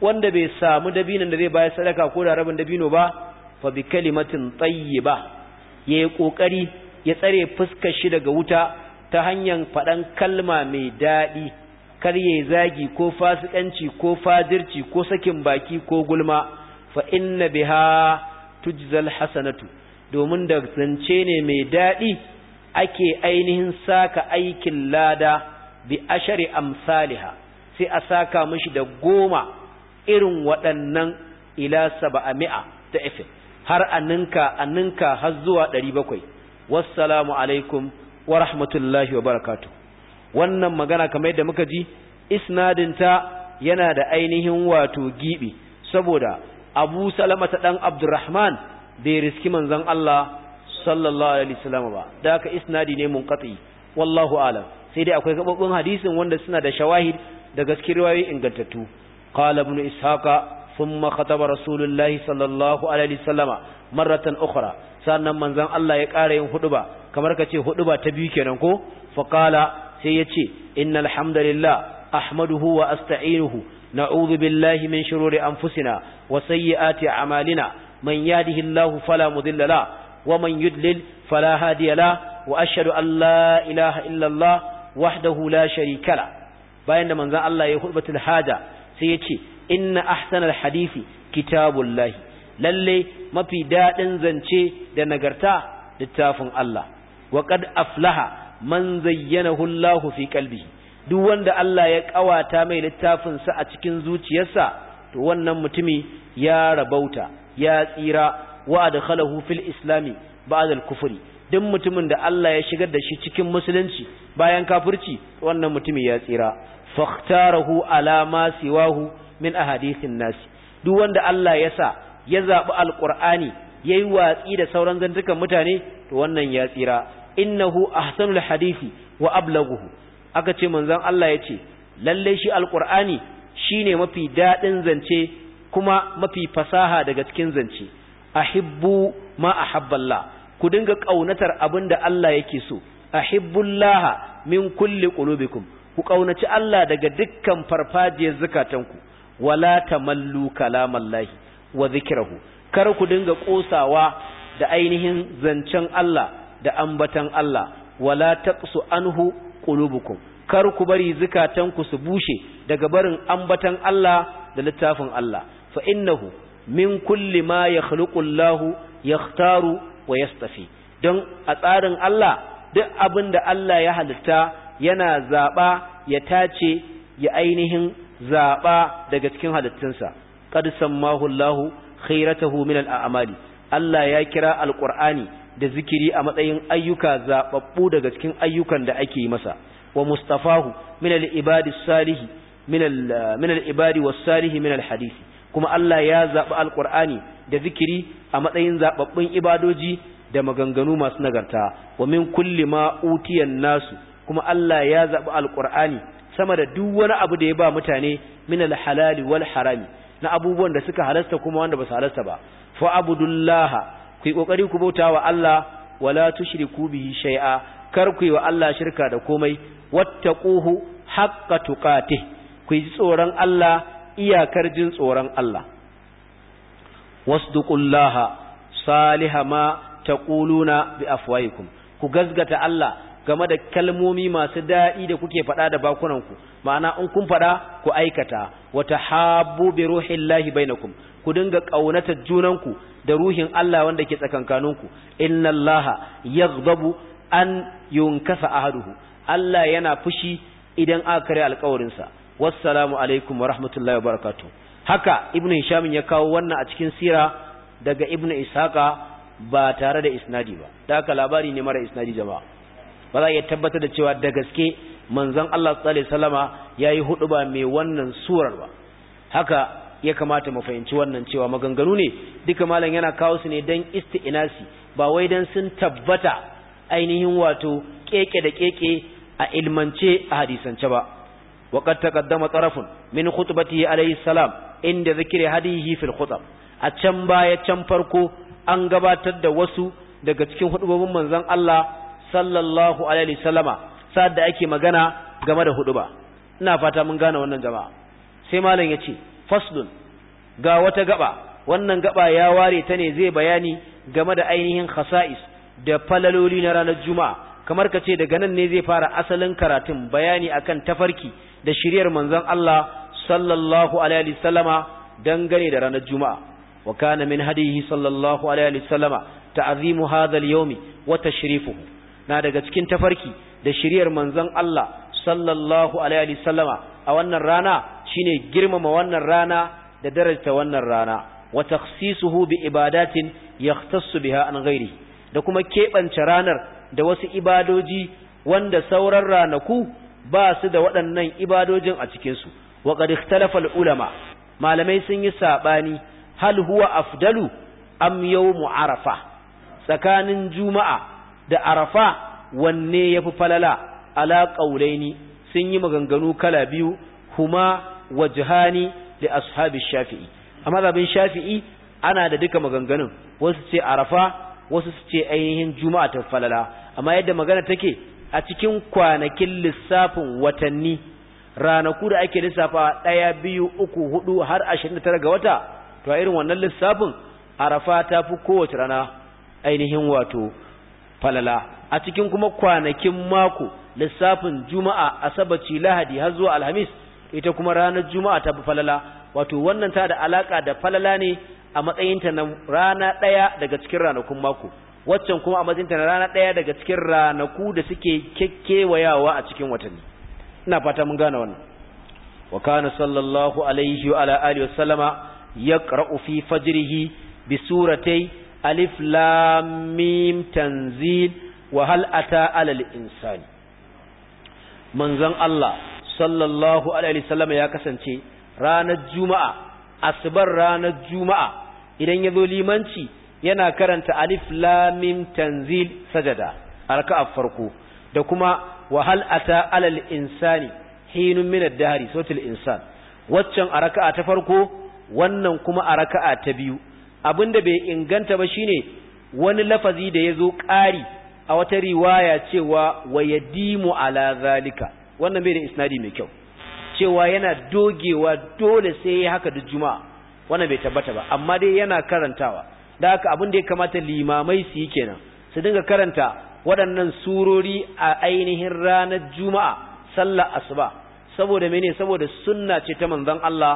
S1: wanda bai samu dabinon da zai bayar sadaka ko da rabin dabino ba fa bi kalimatin tayyiba yayi kokari ya tsare fuskar shi daga wuta ta hanyar faɗan kalma mai daɗi Karye zagi ko fasikanci ko fadirci ko sakin baki ko gulma fa inna biha tujzal hasanatu domin da zance ne mai daɗi ake ainihin saka aikin lada bi ashari amsaliha sai a saka mishi da goma irin waɗannan ila saba'a ta efe har a ninka a ninka har zuwa ɗari bakwai wassalamu alaikum wa rahmatullahi wa barakatuh wannan magana kamar yadda muka ji isnadinta yana da ainihin wato gibi saboda abu salama ta dan abdurrahman bai riski manzon Allah sallallahu alaihi wasallam ba da haka isnadi ne munqati wallahu alam sai dai akwai gababun hadisin wanda suna da shawahid da gaskiyar riwayoyi ingantattu qala ibn ishaqa thumma khataba rasulullahi sallallahu alaihi wasallam marratan ukhra sannan manzon Allah ya ƙara yin huduba kamar kace huduba ta biyu kenan ko qala sai ya ce innal Ahmadu ahmaduhu wa asta'inuhu na'udhu billahi min shururi anfusina wa sayyiati a'malina man yahdihillahu fala mudilla la wa man yudlil fala hadiya la wa ashhadu an la ilaha illa Allah wahdahu la sharika la bayan da manzon Allah ya hurbatul haja sai ya ce inna ahsanal hadisi kitabullahi lalle mafi daɗin zance da nagarta littafin Allah wa qad aflaha man zayyanahu Allah fi qalbi duk wanda Allah ya kawata mai littafin sa a cikin zuciyarsa to wannan mutumi ya rabauta ya tsira wa adkhalahu fil islami ba'da al-kufri duk mutumin da Allah ya shigar da shi cikin musulunci bayan kafirci wannan mutumi ya tsira fakhtarahu ala ma siwahu min ahadithin nas duk wanda Allah ya sa ya zabi alqur'ani yayi watsi da sauran zantukan mutane to wannan ya tsira innahu ahsanul hadisi wa ablaghuhu aka ce manzon Allah yace ce lalle shi alqur'ani shine mafi dadin zance kuma mafi fasaha daga cikin zance ahibbu ma ahabballah ku dinga kaunatar abinda Allah yake so ahibbullah min kulli qulubikum ku kaunaci Allah daga dukkan farfajiyar zakatanku wala tamallu kalamallahi wa zikrahu kar ku dinga kosawa da ainihin zancen Allah da ambatan Allah wala taqsu anhu qulubukum kar ku bari zukatanku su bushe daga barin ambatan Allah da littafin Allah fa innahu min kulli ma yakhluqu Allah yakhtaru wa yastafi don a tsarin Allah duk abin da Allah ya halitta yana zaɓa ya tace ya ainihin zaɓa daga cikin halittunsa qad sammahu Allah khairatahu min al-a'mali Allah ya kira al-Qur'ani da zikiri a matsayin ayyuka zaɓaɓɓu daga cikin ayyukan da ake masa wa mustafahu min al-ibadi salihi minal ibadi was-salihi hadisi kuma Allah ya zaɓi alƙur'ani da zikiri a matsayin zaɓaɓɓun ibadoji da maganganu masu nagarta wa min kulli ma utiyan nasu kuma Allah ya zaɓi alƙur'ani sama da duk wani abu da ya ba mutane minal halali wal harami na abubuwan da suka halasta kuma wanda ba su halasta ba fa Abudullaha. ku yi kokari ku bauta wa Allah wala tushriku bihi shay'a kar ku yi wa Allah shirka da komai wattaquhu haqqa tuqati ku yi tsoron Allah iyakar jin tsoron Allah wasduqullaha saliha ma taquluna bi afwaikum ku gazgata Allah game da kalmomi masu daɗi da kuke faɗa da bakunanku ma'ana in kun faɗa ku aikata wata tahabbu bi ruhillahi bainakum ku dinga ƙaunatar junanku da ruhin Allah wanda ke tsakankaninku inna Allah yaghdabu an yunkasa ahaduhu Allah yana fushi idan aka kare alkawarinsa wassalamu alaikum wa rahmatullahi wa barakatuh haka ibnu hisham ya kawo wannan a cikin sira daga ibnu ishaqa ba tare da isnadi ba da haka labari ne mara isnadi jama'a ba za a iya tabbatar da cewa da gaske manzon Allah sallallahu alaihi wasallama yayi hudu ba mai wannan surar ba haka ya kamata mu fahimci wannan cewa maganganu ne duka malam yana kawo su ne dan isti'nasi ba wai dan sun tabbata ainihin wato keke da keke a ilmance a hadisance ba qad taqaddama tarafun min khutbatihi alayhi salam inda zikri hadihi fil khutab a can baya can farko an gabatar da wasu daga cikin hudubobin manzon Allah sallallahu alaihi wasallama sa'ad da ake magana game da huduba ina fata mun gane wannan jama'a sai malam yace faslun ga wata gaba wannan gaba ya ware ta ne zai bayani game da ainihin khasa'is da falaloli na ranar juma'a kamar ka ce daga nan ne zai fara asalin karatun bayani akan tafarki da shiryar manzon Allah sallallahu alaihi wasallama dangane da ranar juma'a wa kana min hadihi sallallahu alaihi wasallama ta'zimu hadha al-yawmi wa tashrifuhu na daga cikin tafarki da shiryar manzon Allah sallallahu alaihi wasallama a wannan rana shine girmama wannan rana da daraja wannan rana wa takhsisuhu bi ibadatin yahtassu biha an ghairi da kuma keɓance ranar da wasu ibadoji wanda sauran ranaku ba su da waɗannan ibadojin a cikinsu wa qad ikhtalafa ulama malamai sun yi sabani hal huwa afdalu am yawmu arafa tsakanin juma'a da arafa wanne yafi falala ala qaulaini sun yi maganganu kala biyu huma wajhani li ashabi shafi'i a mazhabin shafi'i ana da duka maganganun wasu ce arafa wasu su ce ainihin juma'a ta falala amma yadda magana take a cikin kwanakin lissafin watanni ranaku da ake lissafa ɗaya biyu uku hudu har ashirin da tara ga wata to a irin wannan lissafin arafa ta fi kowace rana ainihin wato falala a cikin kuma kwanakin mako lissafin juma'a asabaci lahadi har zuwa alhamis ita kuma ranar juma'a ta falala wato wannan ta da alaka da falala ne a matsayinta na rana ɗaya daga cikin ranakun mako waccan kuma a matsayinta na rana ɗaya daga cikin ranaku da suke kekkewayawa a cikin watanni ina fata mun gane wannan wa kana sallallahu alaihi wa ala alihi wa sallama yaqra'u fi fajrihi bi suratay alif lam mim tanzil wa hal ata alal insani manzon Allah sallallahu alaihi wasallam ya kasance ranar juma'a asbar ranar juma'a idan yazo limanci yana karanta alif lam mim tanzil sajada arka'a farko da kuma wahal ata alal insani hinun min ad-dahri sautul insan waccan araka'a ta farko wannan kuma araka'a ta biyu abinda bai inganta ba shine wani lafazi da yazo ƙari a wata riwaya cewa wayadimu ala zalika wannan bai da isnadi mai kyau cewa yana dogewa dole sai ya haka da juma'a wannan bai tabbata ba amma dai yana karantawa da haka abin da ya kamata limamai su yi kenan su dinga karanta waɗannan surori a ainihin ranar juma'a sallar asuba saboda mene saboda sunna ce ta manzon Allah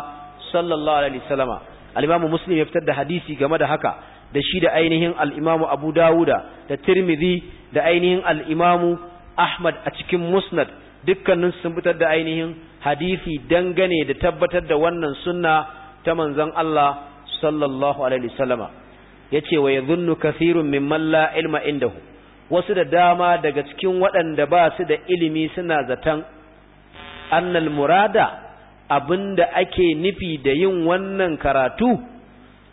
S1: sallallahu alaihi wasallama al-imamu muslim ya fitar da hadisi game da haka da shi da ainihin al'imamu abu dawuda da tirmidhi da ainihin al'imamu ahmad a cikin musnad dukkanin sun fitar da ainihin hadithi dangane da tabbatar da wannan sunna ta manzon Allah sallallahu alaihi wasallama yace wa zunnu kafirun mimman la ilma indahu wasu da dama daga cikin waɗanda ba su da ilimi suna zaton annal murada abinda ake nufi da yin wannan karatu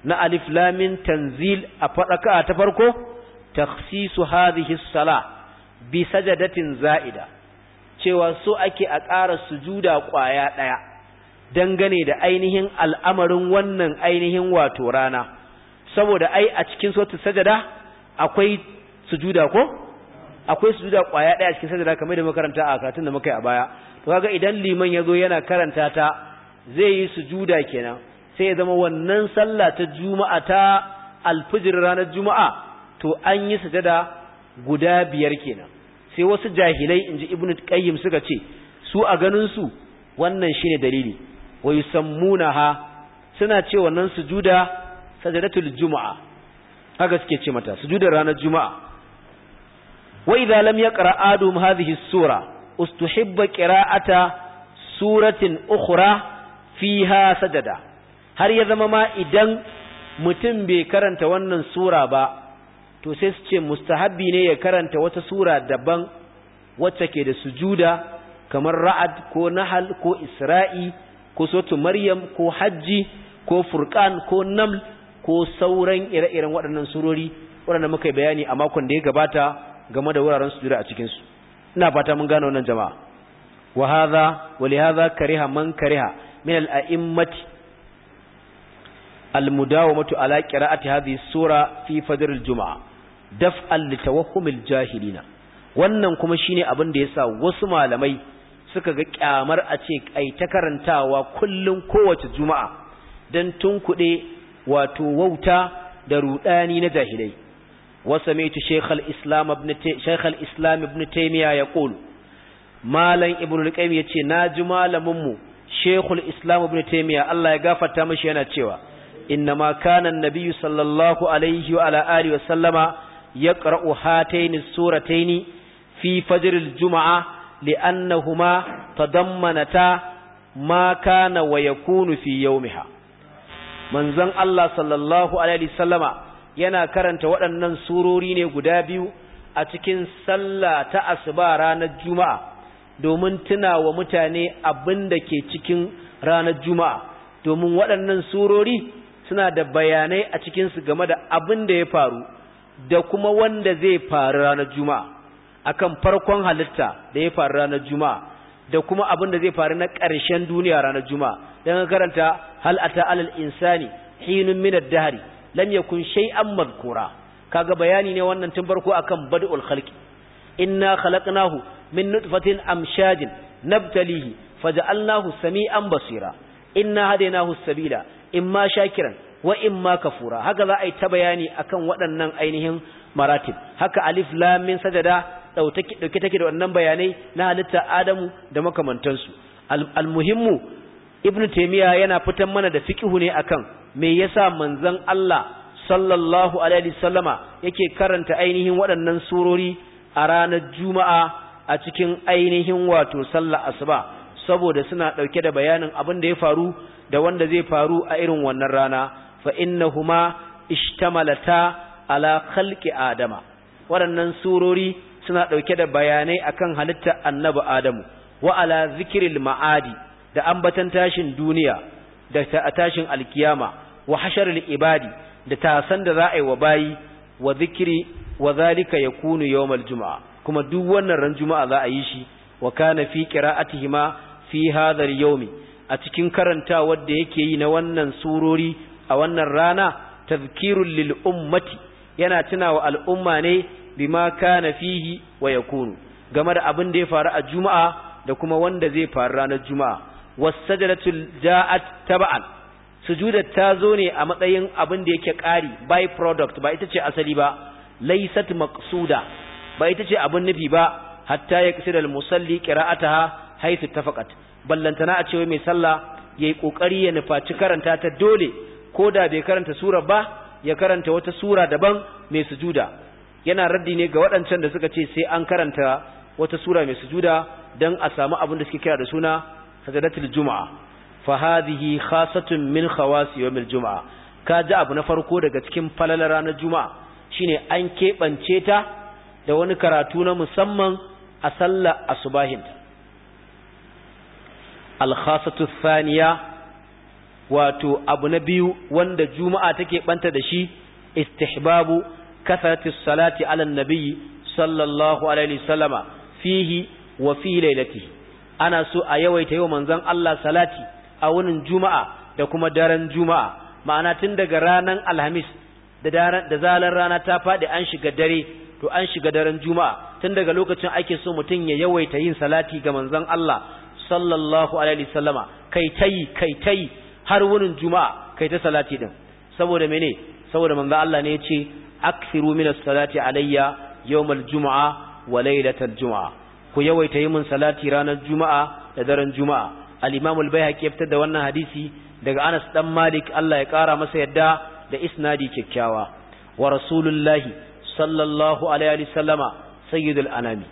S1: na alif lamin tanzil a fadaka ta farko takhsisu hadhihi sala bi sajadatin za'ida cewa so ake a ƙara sujuda ƙwaya ɗaya dangane da ainihin al'amarin wannan ainihin wato rana saboda ai a cikin sautu sajada akwai sujuda ko akwai sujuda ƙwaya ɗaya a cikin sajada kamar da makaranta a karatun da muka yi a baya to kaga idan liman ya zo yana karanta ta zai yi sujuda kenan sai ya zama wannan sallah ta juma'a ta alfijir ranar juma'a to an yi sujada guda biyar kenan sai wasu jahilai inji ibnu qayyim suka ce su a ganin su wannan shine dalili wa yusammunaha suna ce wannan sujuda sajadatul juma'a haka suke ce mata sujudar ranar juma'a wa idza lam yaqra adum hadhihi sura ustuhibba qira'ata suratin ukhra fiha sajada har ya zama ma idan mutum bai karanta wannan sura ba to sai su ce mustahabbi ne ya karanta wata sura daban wacce ke da sujuda kamar ra'ad ko nahal ko isra'i ko sotu maryam ko hajji ko furqan ko naml ko sauran ire-iren waɗannan surori waɗanda muka yi bayani a makon da ya gabata game da wuraren sujuda a cikinsu ina fata mun gane wannan jama'a wa hadha wa li hadha kariha man kariha min al-a'immati almudawamatu ala qira'ati hadhihi sura fi fajr aljuma'a daf'al litawahhum aljahilina wannan kuma shine abin da yasa wasu malamai suka ga kyamar a ce ai ta karantawa kullun kowace juma'a dan tunkude wato wauta da rudani na jahilai وسمعت شيخ الإسلام ابن تي... شيخ الإسلام ya تيمية يقول مالن ابن القيم yace na ji malamin mu Sheikhul Islam Ibn Allah ya gafarta mishi yana cewa إنما كان النبي صلى الله عليه وعلى آله وسلم يقرأ هاتين السورتين في فجر الجمعة لأنهما تضمنتا ما كان ويكون في يومها manzon Allah sallallahu alaihi sallama yana karanta waɗannan surori ne guda biyu a cikin sallah ta asuba ranar juma'a domin tuna wa mutane abin da ke cikin ranar juma'a domin waɗannan surori suna da bayanai a cikinsu game da abin da ya faru da kuma wanda zai faru ranar juma'a akan farkon halitta da ya faru ranar juma'a da kuma abin da zai faru na ƙarshen duniya ranar juma'a dan karanta hal ata alal insani hinun minar Dahari, dahr lam yakun shay'an madhkura kaga bayani ne wannan tun farko akan bad'ul khalqi inna khalaqnahu min nutfatin amshajin nabtalihi faj'alnahu sami'an basira inna hadaynahu as-sabila in ma shakiran wa in ma kafura haka za a yi ta bayani akan waɗannan ainihin maratib haka alif lam min sajada dauke take da wannan bayanai na halitta Adamu da makamantansu almuhimmu ibnu taymiya yana fitan mana da fiqhu ne akan me yasa manzon Allah sallallahu alaihi wasallama yake karanta ainihin waɗannan surori a ranar juma'a a cikin ainihin wato sallar asuba saboda suna ɗauke da bayanin abin da ya faru da wanda zai faru a irin wannan rana fa innahuma ishtamalata ala khalqi adama waɗannan surori suna ɗauke da bayanai akan halitta annabi adamu wa ala zikril ma'adi da ambatan tashin duniya da tashin alkiyama wa hasharil ibadi da tasan da za a yi wa bayi wa zikri wa zalika yakunu yawmal juma'a kuma duk wannan ran juma'a za a yi shi wa kana fi qira'atihima fi hadar yawmi a cikin karanta wadda yake yi na wannan surori a wannan rana tazkirul lil ummati yana tunawa al'umma ne bima kana fihi wa yakunu game da abin da ya faru a juma'a da kuma wanda zai faru ranar juma'a wasajadatul ja'at taba'an sujudar ta zo ne a matsayin abin da yake ƙari by product ba ita ce asali ba laysat maqsuda ba ita ce abin nufi ba hatta ya qisidal musalli qira'ataha haifi tafaqat ballantana a cewa mai sallah yayi kokari ya nufaci karanta ta dole ko da bai karanta sura ba ya karanta wata sura daban mai sujuda yana raddi ne ga waɗancan da suka ce sai an karanta wata sura mai sujuda dan a samu abin da suke kira da suna sajadatul juma'a fa hadhihi khasatun min khawas yawmil juma'a ka ji abu na farko daga cikin falalar ranar juma'a shine an keɓance ta da wani karatu na musamman a sallar asubahinta alkhasatu thaniya wato abu na biyu wanda juma'a take banta da shi istihbabu kasratu salati ala nabiyyi sallallahu alaihi wasallama fihi wa fi lailati, ana so a yawaita yau manzon Allah salati a wunin juma'a da kuma daren juma'a ma'ana tun daga ranar alhamis da daren zalar rana ta faɗi an shiga dare to an shiga daren juma'a tun daga lokacin ake so mutum ya yawaita yin salati ga manzon Allah sallallahu alaihi wasallama kai tai kai tai har wurin juma'a kai ta salati din saboda mene saboda manzo Allah ne yace akthiru min as-salati alayya yawmal juma'a wa laylatal juma'a ku yawaita yi min salati ranar juma'a da daren juma'a al-imam al-baihaqi ya fitar da wannan hadisi daga Anas dan Malik Allah ya kara masa yadda da isnadi kyakkyawa wa rasulullahi sallallahu alaihi wasallama sayyidul anami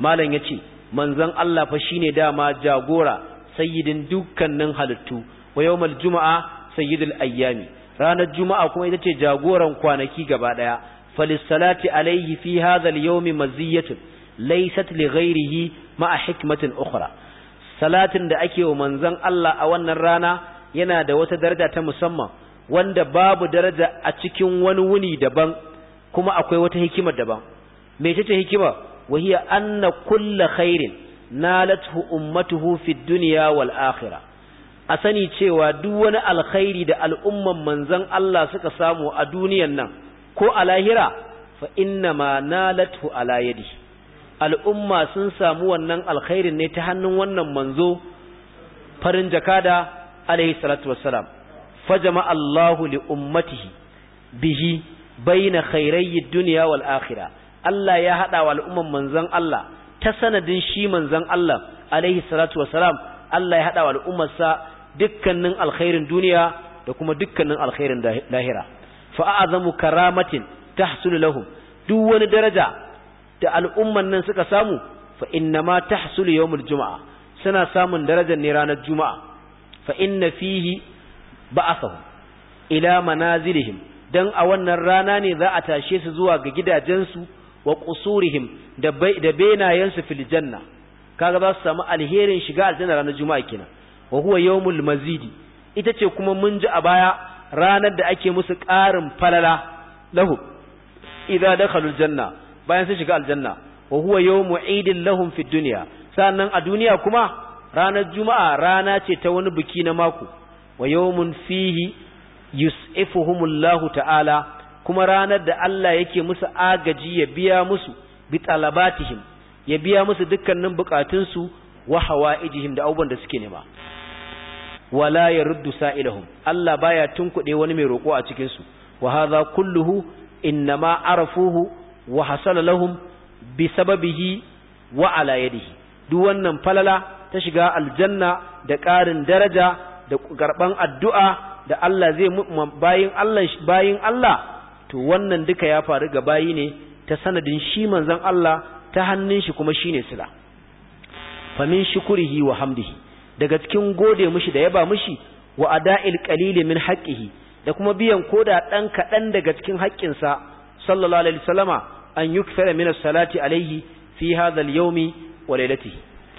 S1: malam yace manzon Allah fa shine dama jagora sayyidin dukkanin halittu wa yawmal juma'a sayyidul ayyami ranar juma'a kuma ita ce jagoran kwanaki gaba daya falisalati alayhi fi hadha al-yawmi maziyatun laysat li ghayrihi ma'a hikmatin ukhra salatin da ake wa manzon Allah a wannan rana yana da wata daraja ta musamman wanda babu daraja a cikin wani wuni daban kuma akwai wata hikima daban me ce hikima وهي أن كل خير نالته أمته في الدنيا والآخرة أسني تشيوى دون الخير دا الأمم من زن الله سكسامو أدوني النم كو على هرا فإنما نالته على يده الأمة سنسامو النم الخير نتهنن ونم منزو فرنجكادا عليه الصلاة والسلام فجمع الله لأمته به بين خيري الدنيا والآخرة Allah ya haɗa wa al'umman manzon Allah ta sanadin shi manzan Allah alaihi salatu wassalam Allah ya haɗa wa al'ummarsa dukkanin alkhairin duniya da kuma dukkanin alkhairin lahira fa'azamu karamatin tahsulu lahum duk wani daraja da al'umman nan suka samu fa innama tahsulu yawmul juma'a suna samun darajar ne ranar juma'a fa inna fihi ba'athahum ila manazilihim dan a wannan rana ne za a tashe su zuwa ga gidajensu wa qusurihim da da benayensu fil janna kaga za su samu alherin shiga aljanna ranar juma'a kenan wa huwa yawmul mazidi ita ce kuma mun ji a baya ranar da ake musu ƙarin falala lahu idza dakhalu janna bayan sun shiga aljanna wa huwa yawmu idin lahum fid dunya sannan a duniya kuma ranar juma'a rana ce ta wani biki na mako wa yawmun fihi yus'ifuhumullahu ta'ala kuma ranar da Allah yake musu agaji ya biya musu bi talabatihim ya biya musu dukkanin bukatunsu wa hawaijihim da abubuwan da suke nema wala yaruddu sa'ilahum Allah baya tunkude wani mai roƙo a cikin su wa hadha kulluhu innama arafuhu wa hasala lahum bi sababihi wa ala yadihi duk wannan falala ta shiga aljanna da ƙarin daraja da karban addu'a da Allah zai bayin Allah bayin Allah to wannan duka ya faru ga bayi ne ta sanadin shi manzon Allah ta hannun shi kuma shine sila min shukrihi wa hamdihi daga cikin gode mushi da yaba mushi wa ada'il qalili min haqqihi da kuma biyan koda dan kadan daga cikin haƙƙinsa sallallahu alaihi wasallama an yukfara min as-salati alaihi fi hadha al-yawmi wa laylatihi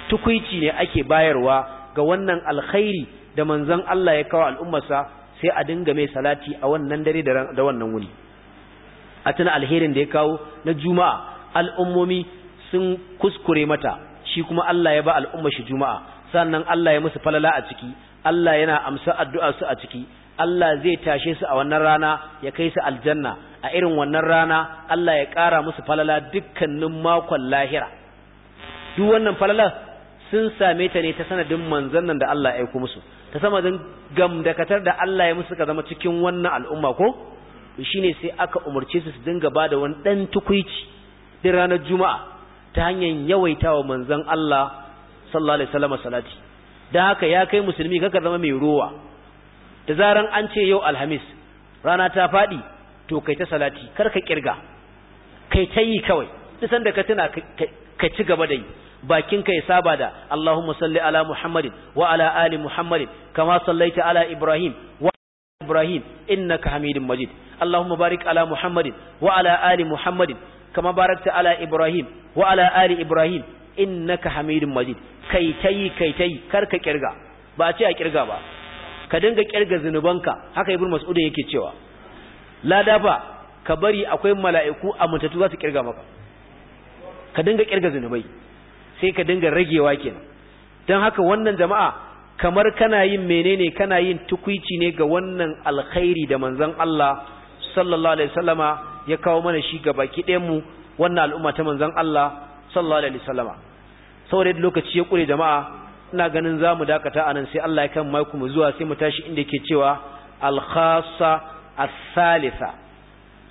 S1: tukuici ne ake bayarwa ga wannan alkhairi da manzon Allah ya kawo al'ummarsa sai a dinga mai salati a wannan dare da wannan wuni a tuna alherin da ya kawo na juma'a al'ummomi sun kuskure mata shi kuma Allah ya ba al'umma shi juma'a sannan Allah ya musu falala a ciki Allah yana amsa addu'a su a ciki Allah zai tashe su a wannan rana ya kai su aljanna a irin wannan rana Allah ya ƙara musu falala dukkanin makon lahira duk wannan falala sun same ta ne ta sanadin manzon nan da Allah ya aiko musu ta sama zan gamdakatar da Allah ya musu ka zama cikin wannan al'umma ko shine sai aka umarci su su dinga bada wani ɗan tukuici din ranar juma'a ta hanyar yawaitawa manzon Allah sallallahu alaihi wasallam salati dan haka ya kai musulmi kaka zama mai ruwa da zaran an ce yau alhamis rana ta faɗi. to kai ta salati kar ka kirga kai ta yi kawai duk sanda ka tuna ka ci gaba da yi bakinka ya saba da Allahumma salli ala Muhammadin wa ala ali Muhammadin kama sallaita ala Ibrahim wa. Ibrahim innaka Hamidun Majid Allahumma barik ala Muhammadin wa ali Muhammadin kama barakta ala Ibrahim wa ala ali Ibrahim innaka Hamidun Majid kai tai kai tai karka kirga ba ce a kirga ba ka dinga kirga zinubanka haka Ibn Mas'ud yake cewa lada ba ka bari akwai mala'iku amintattu za su kirga maka ka dinga kirga zinubai sai ka dinga rage waken. dan haka wannan jama'a kamar kana yin menene kana yin tukwici ne ga wannan alkhairi da manzon Allah sallallahu alaihi wasallama ya kawo mana shi ga baki ɗayan mu wannan al'umma ta manzon Allah sallallahu alaihi wasallama saboda lokaci ya kure jama'a ina ganin zamu dakata anan sai Allah ya kan mai kuma zuwa sai mu tashi inda yake cewa al-khassa as-salisa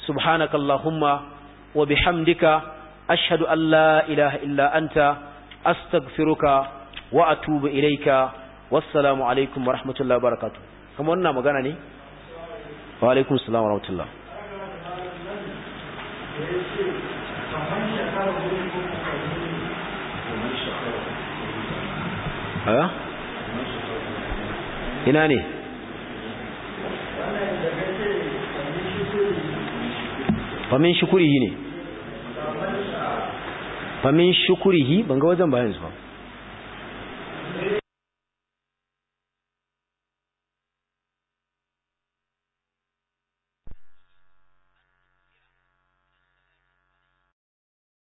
S1: subhanakallahumma wa bihamdika ashhadu an la ilaha illa anta astaghfiruka wa atubu wassalamu alaikum wa rahmatullahi wa barakatu kuma wannan magana ne wa alaikum salam wa rahmatullah aya ina ne famin shukuri ne famin shukuri ban ga wajen bayan zuwa ba